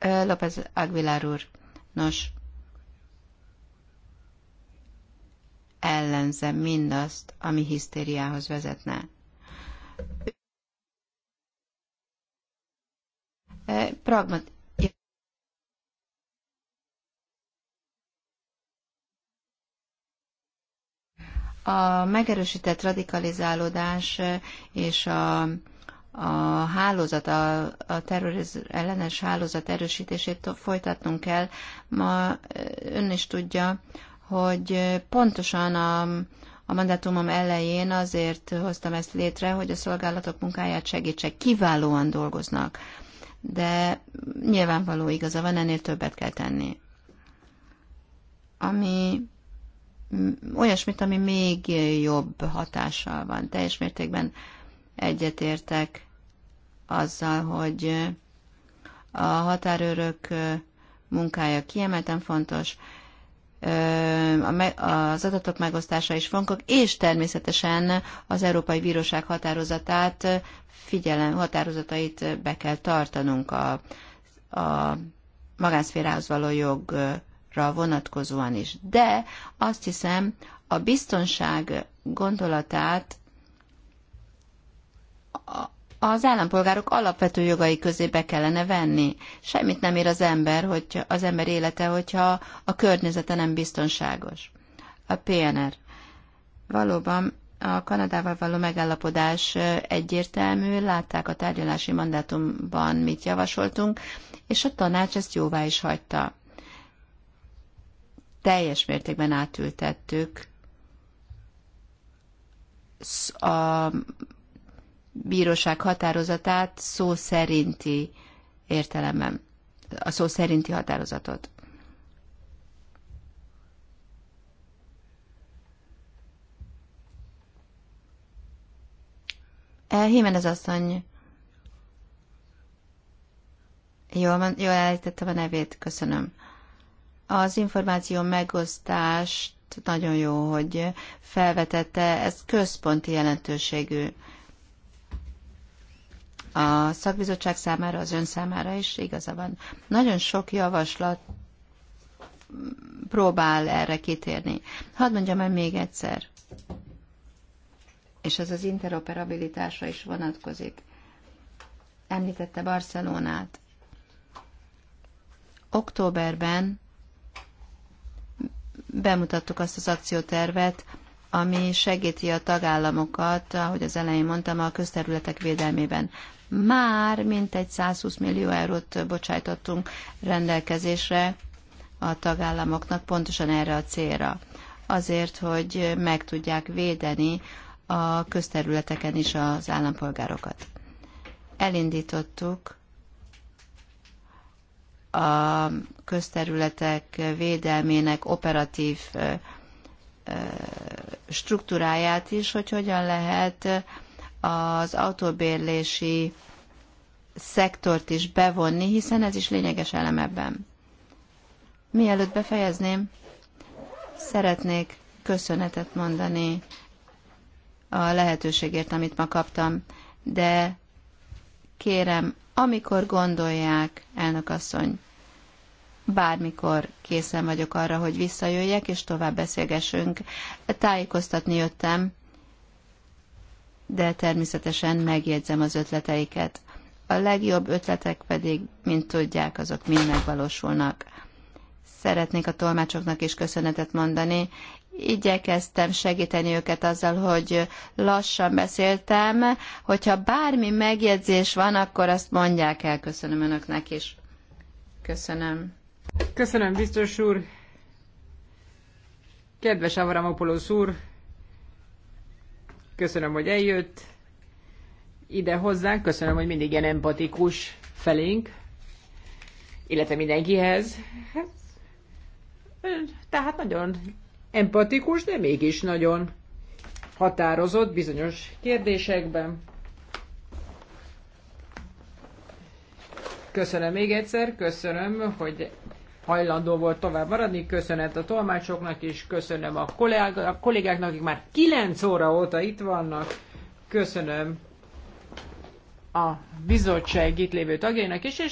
López Aguilar úr, nos, ellenzem mindazt, ami hisztériához vezetne. Pragmat, A megerősített radikalizálódás eh, és a, a hálózat, a, a terroriz ellenes hálózat erősítését folytatnunk kell. Ma eh, ön is tudja, hogy eh, pontosan a, a mandátumom elején azért hoztam ezt létre, hogy a szolgálatok munkáját segítsek. Kiválóan dolgoznak, de nyilvánvaló igaza van, ennél többet kell tenni. Ami olyasmit, ami még jobb hatással van. Teljes mértékben egyetértek azzal, hogy a határőrök munkája kiemelten fontos, az adatok megosztása is fontos, és természetesen az Európai Bíróság határozatát, figyelem, határozatait be kell tartanunk a, a magánszférához való jog vonatkozóan is. De azt hiszem, a biztonság gondolatát az állampolgárok alapvető jogai közé be kellene venni. Semmit nem ér az ember, hogy az ember élete, hogyha a környezete nem biztonságos. A PNR. Valóban a Kanadával való megállapodás egyértelmű, látták a tárgyalási mandátumban, mit javasoltunk, és a tanács ezt jóvá is hagyta teljes mértékben átültettük a bíróság határozatát szó szerinti értelemben, a szó szerinti határozatot. Hímen e, az asszony, jól, jól elejtettem a nevét, köszönöm. Az információ megosztást nagyon jó, hogy felvetette, ez központi jelentőségű a szakbizottság számára, az ön számára is igaza van. Nagyon sok javaslat próbál erre kitérni. Hadd mondjam el még egyszer, és ez az interoperabilitásra is vonatkozik. Említette Barcelonát. Októberben bemutattuk azt az akciótervet, ami segíti a tagállamokat, ahogy az elején mondtam, a közterületek védelmében. Már mintegy 120 millió eurót bocsájtottunk rendelkezésre a tagállamoknak pontosan erre a célra. Azért, hogy meg tudják védeni a közterületeken is az állampolgárokat. Elindítottuk a közterületek védelmének operatív struktúráját is, hogy hogyan lehet az autóbérlési szektort is bevonni, hiszen ez is lényeges elem ebben. Mielőtt befejezném, szeretnék köszönetet mondani a lehetőségért, amit ma kaptam, de kérem amikor gondolják, asszony, bármikor készen vagyok arra, hogy visszajöjjek, és tovább beszélgessünk. Tájékoztatni jöttem, de természetesen megjegyzem az ötleteiket. A legjobb ötletek pedig, mint tudják, azok mind megvalósulnak. Szeretnék a tolmácsoknak is köszönetet mondani, igyekeztem segíteni őket azzal, hogy lassan beszéltem. Hogyha bármi megjegyzés van, akkor azt mondják el. Köszönöm önöknek is. Köszönöm. Köszönöm, biztos úr. Kedves Avramopoulos úr, köszönöm, hogy eljött ide hozzánk, köszönöm, hogy mindig ilyen empatikus felénk, illetve mindenkihez. Hát, tehát nagyon empatikus, de mégis nagyon határozott bizonyos kérdésekben. Köszönöm még egyszer, köszönöm, hogy hajlandó volt tovább maradni, köszönet a tolmácsoknak is, köszönöm a, kollég a kollégáknak, akik már 9 óra óta itt vannak, köszönöm a bizottság itt lévő tagjainak is, és